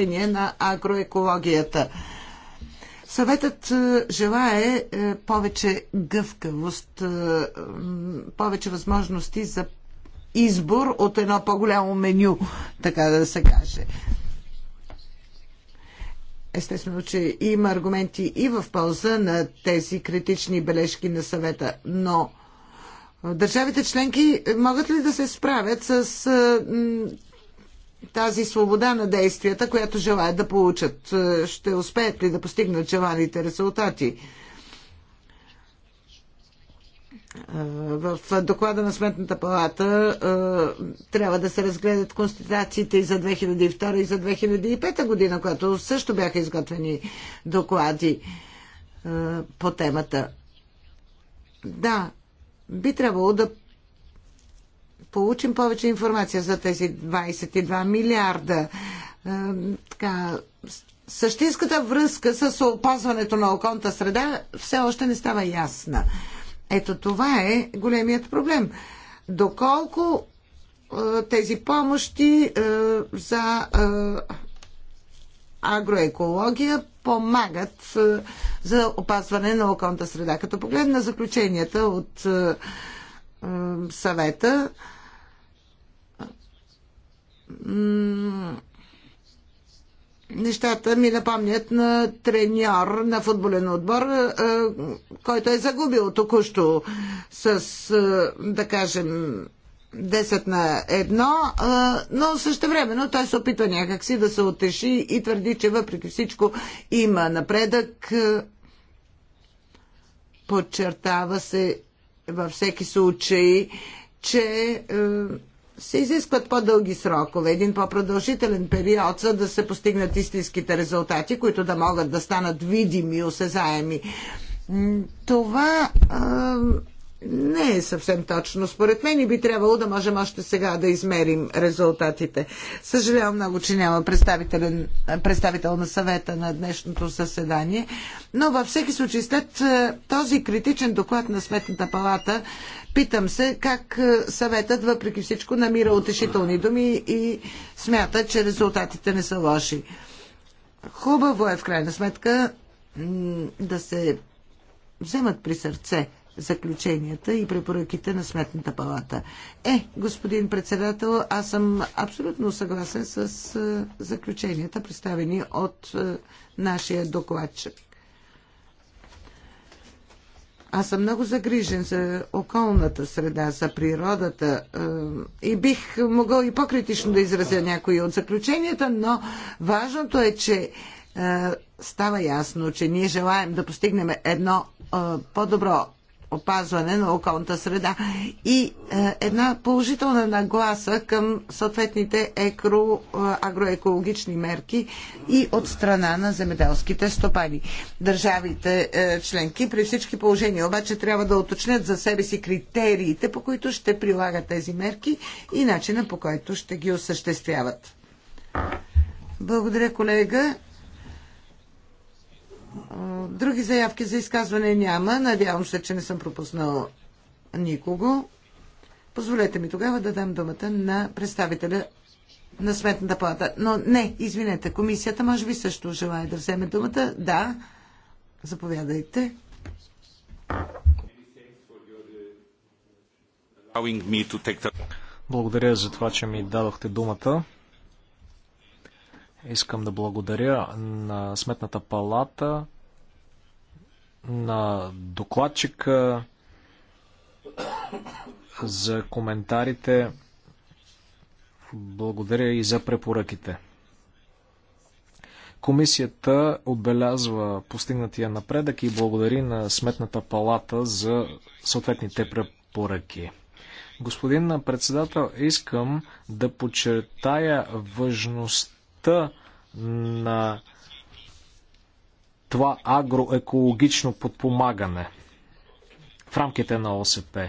B: на агроекологията. Съветът е, желае е, повече гъвкавост, е, повече възможности за избор от едно по-голямо меню, така да се каже. Естествено, че има аргументи и в полза на тези критични бележки на съвета, но Държавите членки могат ли да се справят с тази свобода на действията, която желаят да получат. Е, ще успеят ли да постигнат желаните резултати? Е, в доклада на Сметната палата е, трябва да се разгледат констатациите и за 2002 и за 2005 година, когато също бяха изготвени доклади по темата. Да, би трябвало да получим повече информация за тези 22 милиарда. Е, така, същинската връзка с опазването на околната среда все още не става ясна. Ето това е големият проблем. Доколко е, тези помощи е, за агроекология помагат за опазване на околната среда. Като погледна заключенията от съвета, нещата ми напомнят на треньор на футболен отбор, който е загубил току-що с, да кажем, 10 на 1, но също времено той се опитва някакси да се отеши и твърди, че въпреки всичко има напредък. Подчертава се във всеки случай, че се изискват по-дълги срокове, един по-продължителен период, за да се постигнат истинските резултати, които да могат да станат видими, осезаеми. Това не е съвсем точно. Според мен и би трябвало да можем още сега да измерим резултатите. Съжалявам много, че няма представител на съвета на днешното заседание, но във всеки случай след е, този критичен доклад на Сметната палата, питам се как е, съветът въпреки всичко намира утешителни думи и смята, че резултатите не са лоши. Хубаво е в крайна сметка да се вземат при сърце заключенията и препоръките на Сметната палата. Е, господин председател, аз съм абсолютно съгласен с е, заключенията, представени от е, нашия докладчик. Аз съм много загрижен за околната среда, за природата е, и бих могъл и по-критично да изразя някои от заключенията, но важното е, че става ясно, че ние желаем да постигнем едно по-добро опазване на околната среда и е, една положителна нагласа към съответните екро, е, агроекологични мерки и от страна на земеделските стопани. Държавите е, членки при всички положения обаче трябва да уточнят за себе си критериите, по които ще прилагат тези мерки и начина по който ще ги осъществяват. Благодаря, колега. Други заявки за изказване няма. Надявам се, че не съм пропуснал никого. Позволете ми тогава да дам думата на представителя на Сметната палата. Но не, извинете, комисията може би също желая да вземе думата. Да, заповядайте.
A: Благодаря за това, че ми дадохте думата. Искам да благодаря на Сметната палата на докладчика за коментарите. Благодаря и за препоръките. Комисията отбелязва постигнатия напредък и благодари на Сметната палата за съответните препоръки. Господин председател, искам да подчертая важността на това агроекологично подпомагане в рамките на ОСП.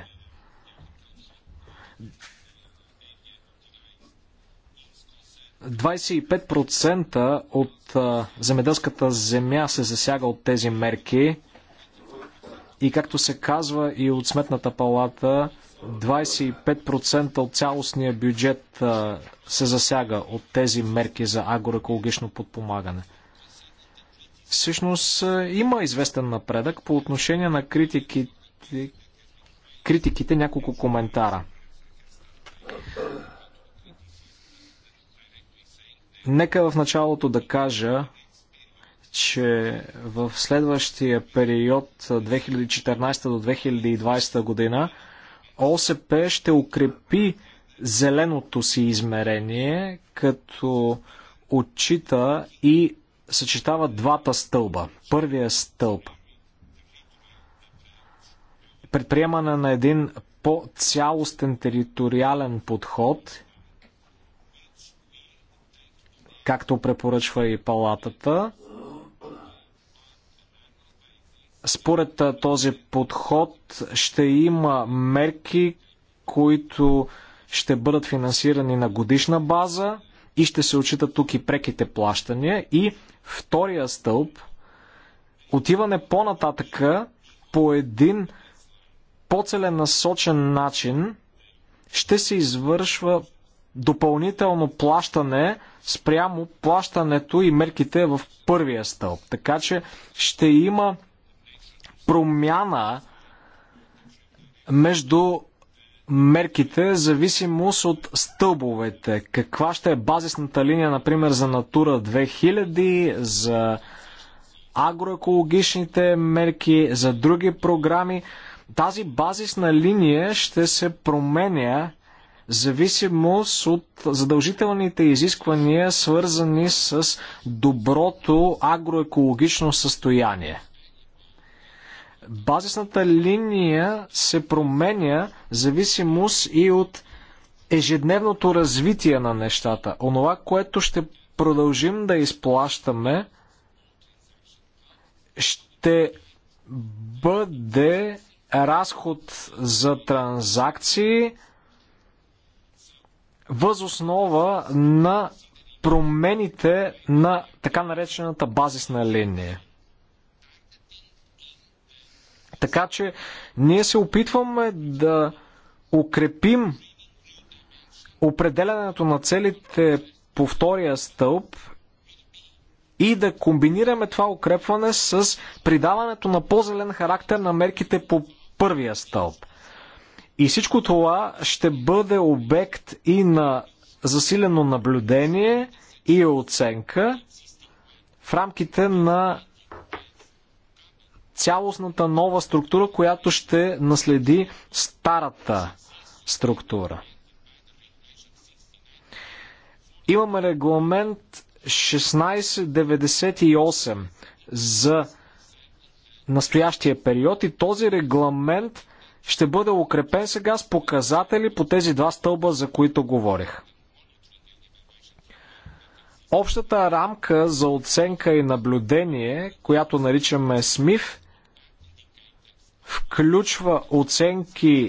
A: процента от земеделската земя се засяга от тези мерки и както се казва и от Сметната палата, 25% от цялостния бюджет се засяга от тези мерки за агроекологично подпомагане. Всъщност е, има известен напредък по отношение на критиките, критиките няколко коментара. Нека в началото да кажа, че в следващия период 2014 е, до 2020 година ОСП ще укрепи зеленото си измерение, като отчита и съчетават двата стълба. Първия стълб предприемане на един по-цялостен териториален подход, както препоръчва и палатата. Според този подход ще има мерки, които ще бъдат финансирани на годишна база и ще се отчитат тук и преките плащания. И втория стълб, отиване по-нататъка по един по-целенасочен начин ще се извършва допълнително плащане спрямо плащането и мерките в първия стълб. Така че ще има промяна между мерките зависимост от стълбовете. Каква ще е базисната линия, например, за Натура 2000, за агроекологичните мерки, за други програми. Тази базисна линия ще се променя зависимост от задължителните изисквания, свързани с доброто агроекологично състояние. Базисната линия се променя в зависимост и от ежедневното развитие на нещата. Онова, което ще продължим да изплащаме, ще бъде разход за транзакции възоснова на промените на така наречената базисна линия. Така че ние се опитваме да укрепим определянето на целите по втория стълб и да комбинираме това укрепване с придаването на по-зелен характер на мерките по първия стълб. И всичко това ще бъде обект и на засилено наблюдение и оценка в рамките на цялостната нова структура, която ще наследи старата структура. Имаме регламент 1698 за настоящия период и този регламент ще бъде укрепен сега с показатели по тези два стълба, за които говорих. Общата рамка за оценка и наблюдение, която наричаме СМИФ, включва оценки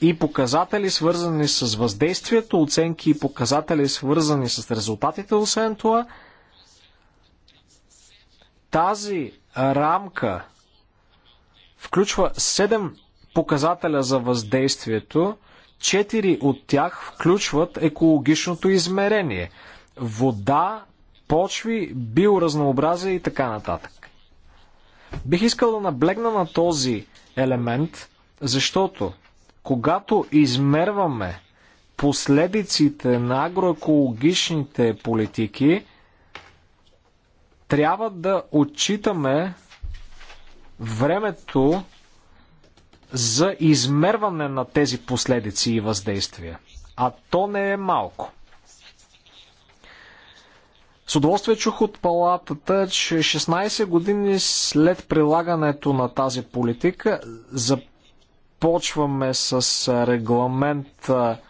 A: и показатели, свързани с въздействието, оценки и показатели, свързани с резултатите, освен това. Тази рамка включва 7 показателя за въздействието, 4 от тях включват екологичното измерение – вода, почви, биоразнообразие и така нататък. Бих искал да наблегна на този елемент, защото когато измерваме последиците на агроекологичните политики, трябва да отчитаме времето за измерване на тези последици и въздействия. А то не е малко. С удоволствие чух от палатата, че 16 години след прилагането на тази политика започваме с регламент 2078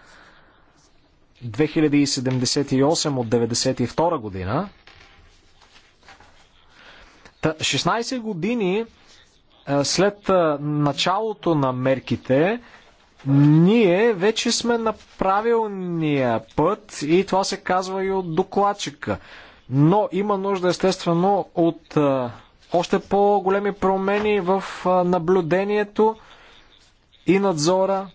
A: от 1992 година. 16 години е, след е, началото на мерките, ние вече сме на правилния път и това се казва и от докладчика. Но има нужда естествено от още по-големи промени в наблюдението и надзора.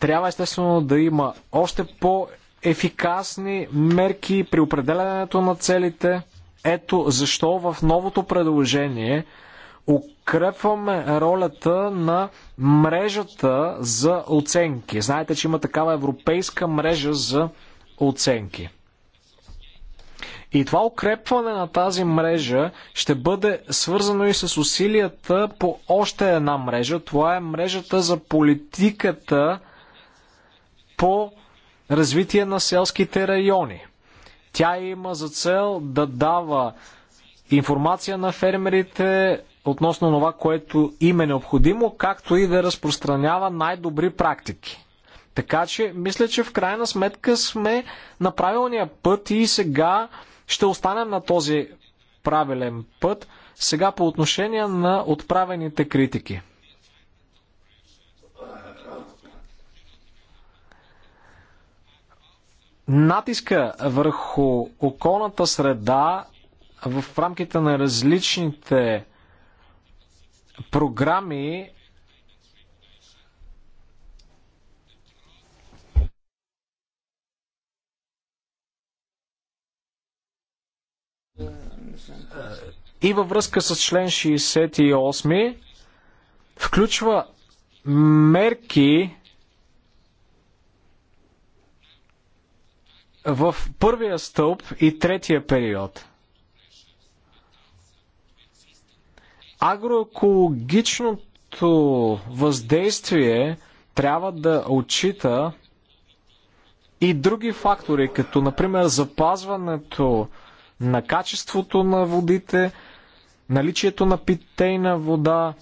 A: Трябва естествено да има още по-ефикасни мерки при определянето на целите. Ето защо в новото предложение укрепваме ролята на мрежата за оценки. Знаете, че има такава европейска мрежа за оценки. И това укрепване на тази мрежа ще бъде свързано и с усилията по още една мрежа. Това е мрежата за политиката по развитие на селските райони. Тя има за цел да дава информация на фермерите относно това, което им е необходимо, както и да разпространява най-добри практики. Така че, мисля, че в крайна сметка сме на правилния път и сега ще останем на този правилен път. Сега по отношение на отправените критики. Натиска върху околната среда в рамките на различните програми и във връзка с член 68 включва мерки в първия стълб и третия период. Агроекологичното въздействие трябва да отчита и други фактори, като например запазването на качеството на водите, наличието на питейна вода.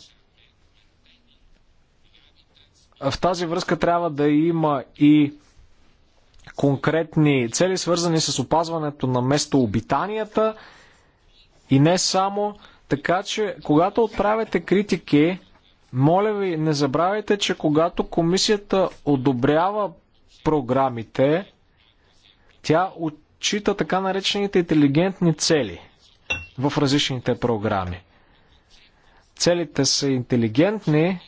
A: В тази връзка трябва да има и конкретни цели, свързани с опазването на местообитанията и не само. Така че, когато отправяте критики, моля ви, не забравяйте, че когато комисията одобрява програмите, тя отчита така наречените интелигентни цели – в различните програми. Целите са интелигентни,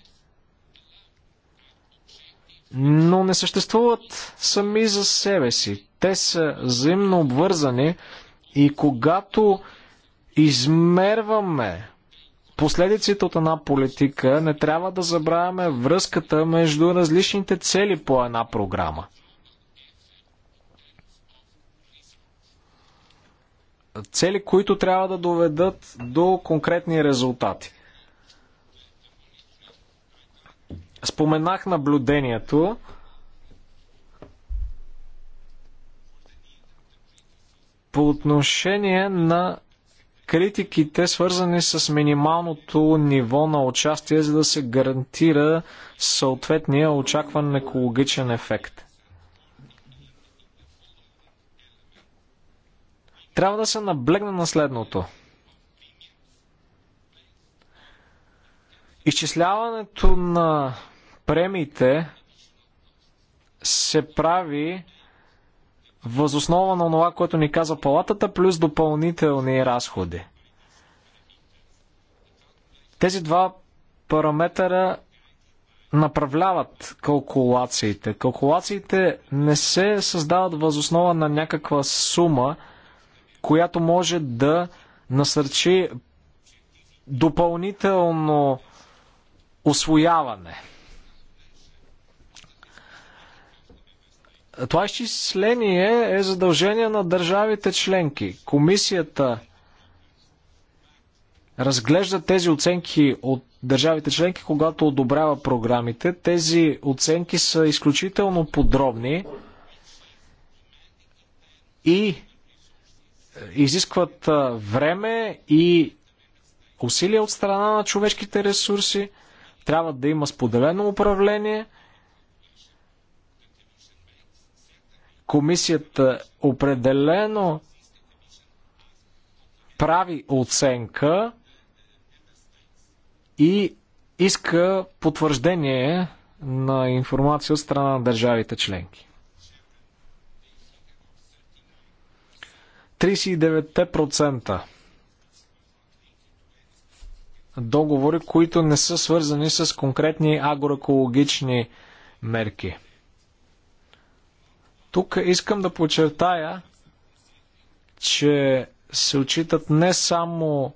A: но не съществуват сами за себе си. Те са взаимно обвързани и когато измерваме последиците от една политика, не трябва да забравяме връзката между различните цели по една програма – Цели, които трябва да доведат до конкретни резултати. Споменах наблюдението. По отношение на критиките, свързани с минималното ниво на участие, за да се гарантира съответния очакван екологичен ефект. Трябва да се наблегне на следното. Изчисляването на премиите се прави възоснова на това, което ни каза палатата, плюс допълнителни разходи. Тези два параметъра направляват калкулациите. Калкулациите не се създават възоснова на някаква сума, която може да насърчи допълнително освояване. Това изчисление е задължение на държавите членки. Комисията разглежда тези оценки от държавите членки, когато одобрява програмите. Тези оценки са изключително подробни и изискват време и усилия от страна на човешките ресурси. Трябва да има споделено управление. Комисията определено прави оценка и иска потвърждение на информация от страна на държавите членки. 39% договори, които не са свързани с конкретни агроекологични мерки. Тук искам да подчертая, че се отчитат не само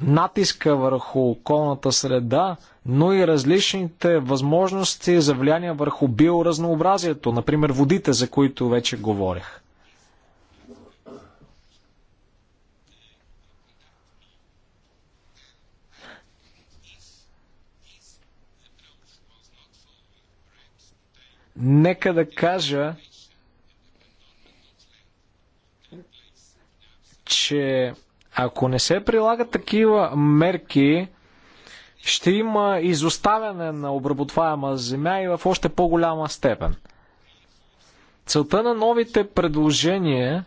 A: натиска върху околната среда, но и различните възможности за влияние върху биоразнообразието, например водите, за които вече говорих. Нека да кажа, че ако не се прилагат такива мерки, ще има изоставяне на обработваема земя и в още по-голяма степен. Целта на новите предложения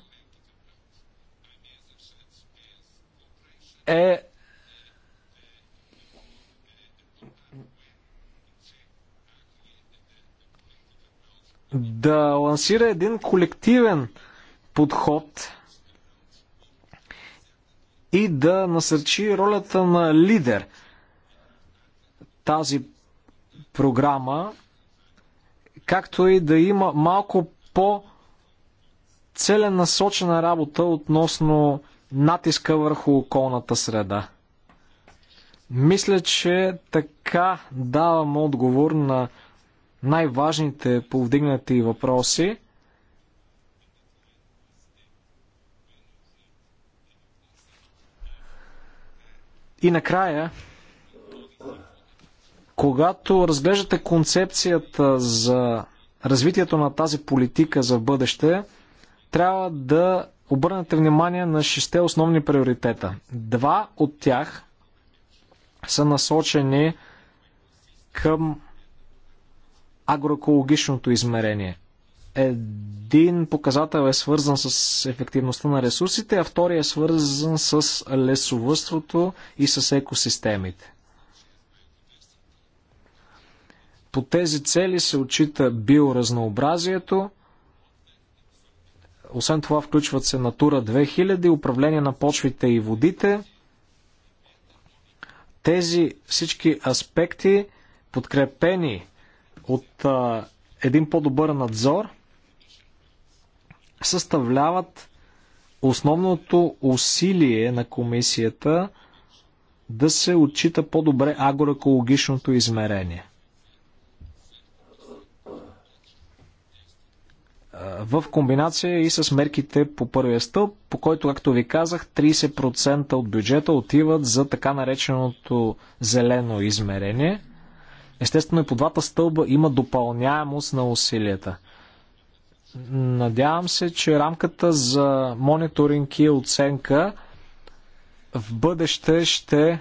A: е да лансира един колективен подход и да насърчи ролята на лидер. Тази програма, както и да има малко по- целенасочена работа относно натиска върху околната среда. Мисля, че така давам отговор на най-важните повдигнати въпроси. И накрая, когато разглеждате концепцията за развитието на тази политика за бъдеще, трябва да обърнете внимание на шесте основни приоритета. Два от тях са насочени към агроекологичното измерение. Един показател е свързан с ефективността на ресурсите, а втория е свързан с лесовътството и с екосистемите. По тези цели се отчита биоразнообразието, освен това включват се Натура 2000, управление на почвите и водите. Тези всички аспекти, подкрепени от а, един по-добър надзор съставляват основното усилие на комисията да се отчита по-добре агроекологичното измерение. В комбинация и с мерките по първия стълб, по който, както ви казах, 30% от бюджета отиват за така нареченото зелено измерение. Естествено и по двата стълба има допълняемост на усилията. Надявам се, че рамката за мониторинг и оценка в бъдеще ще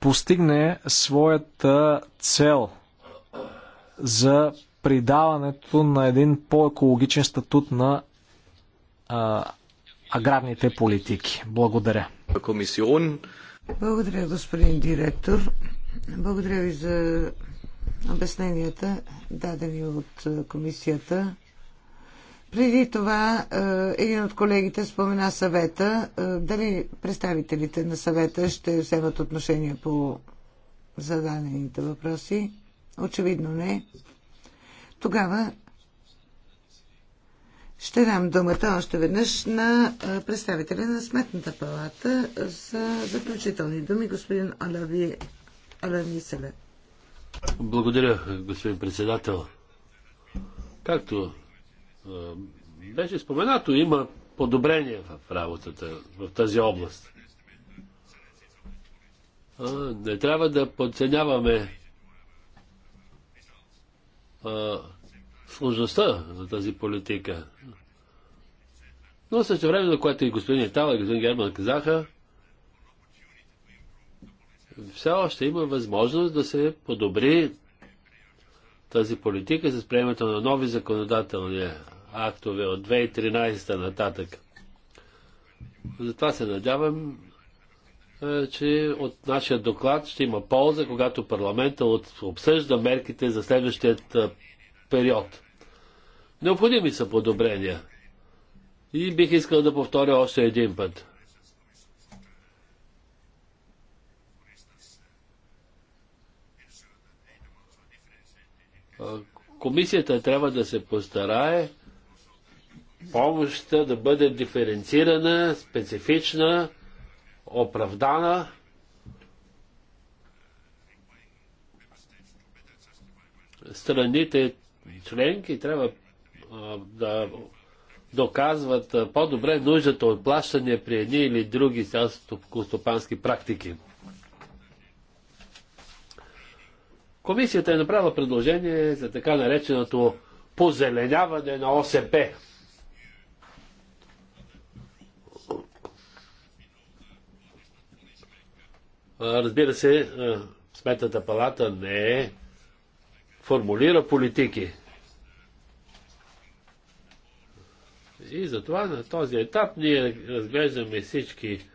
A: постигне своята цел за придаването на един по-екологичен статут на а, аграрните политики. Благодаря.
B: Благодаря, господин директор. Благодаря ви за обясненията, дадени от е, комисията. Преди това е, един от колегите спомена съвета. Е, дали представителите на съвета ще вземат отношение по зададените въпроси? Очевидно не. Тогава ще дам думата още веднъж на представителя на Сметната палата за заключителни думи, господин Олави Ален
C: Благодаря, господин председател. Както беше споменато, има подобрение в работата в тази област. Не трябва да подценяваме сложността на тази политика. Но също време, на което и господин Итала и господин Герман казаха, все още има възможност да се подобри тази политика с приемането на нови законодателни актове от 2013 нататък. Затова се надявам, е, че от нашия доклад ще има полза, когато парламента обсъжда мерките за следващият е, период. Необходими са подобрения. И бих искал да повторя още един път. Комисията трябва да се постарае помощта да бъде диференцирана, специфична, оправдана. Страните членки трябва да доказват по-добре нуждата от плащане при едни или други селско-стопански практики. Комисията е направила предложение за така нареченото позеленяване на ОСП. Разбира се, Сметната палата не е формулира политики. И затова на този етап ние разглеждаме всички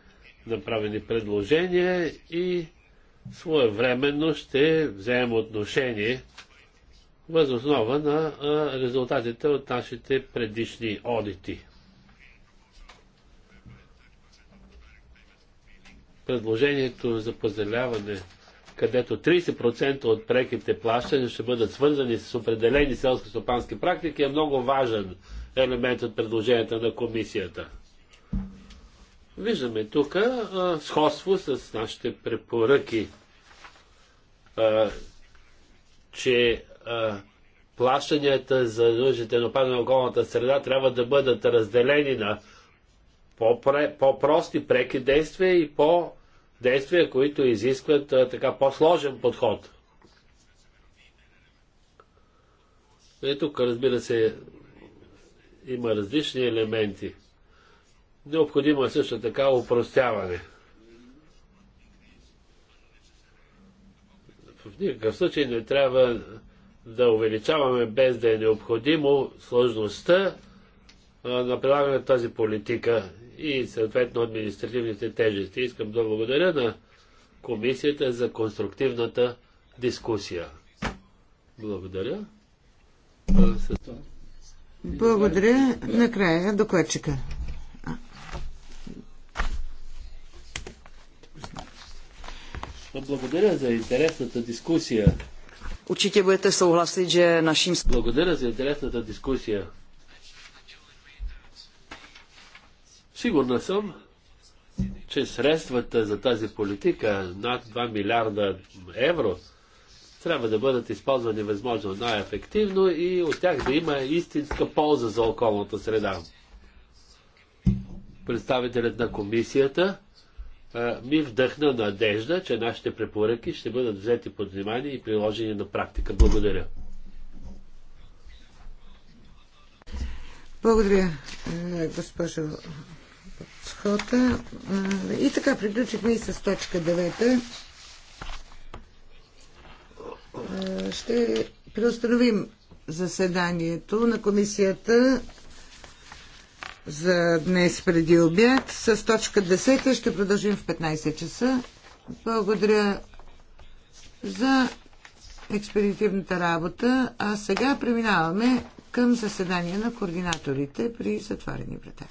C: направени предложения и своевременно ще вземем отношение възоснова на резултатите от нашите предишни одити. Предложението за поздравяване, където 30% от преките плащания ще бъдат свързани с определени селско-стопански практики, е много важен елемент от предложенията на комисията. Виждаме тук сходство с нашите препоръки, а, че а, плащанията за нуждите на опазване на околната среда трябва да бъдат разделени на по-прости преки действия и по действия, които изискват а, така по-сложен подход. И тук, разбира се, има различни елементи. Необходимо е също така упростяване. В никакъв случай не трябва да увеличаваме без да е необходимо сложността на прилагане на тази политика и съответно административните тежести. Искам да благодаря на комисията за конструктивната дискусия. Благодаря.
B: Благодаря. Накрая докладчика.
C: Благодаря за интересната дискусия. Určitě budete souhlasit, že naším... Благодаря за интересната дискусия. Сигурна съм, че средствата за тази политика, над 2 милиарда евро, трябва да бъдат използвани възможно най-ефективно и от тях да има истинска полза за околната среда. Представителят на комисията ми вдъхна надежда, че нашите препоръки ще бъдат взети под внимание и приложени на практика. Благодаря.
B: Благодаря, е, госпожо Хота. Е, и така, приключихме и с точка 9. Е, ще преустановим заседанието на комисията за днес преди обяд. С точка 10 ще продължим в 15 часа. Благодаря за експедитивната работа. А сега преминаваме към заседание на координаторите при затварени врата.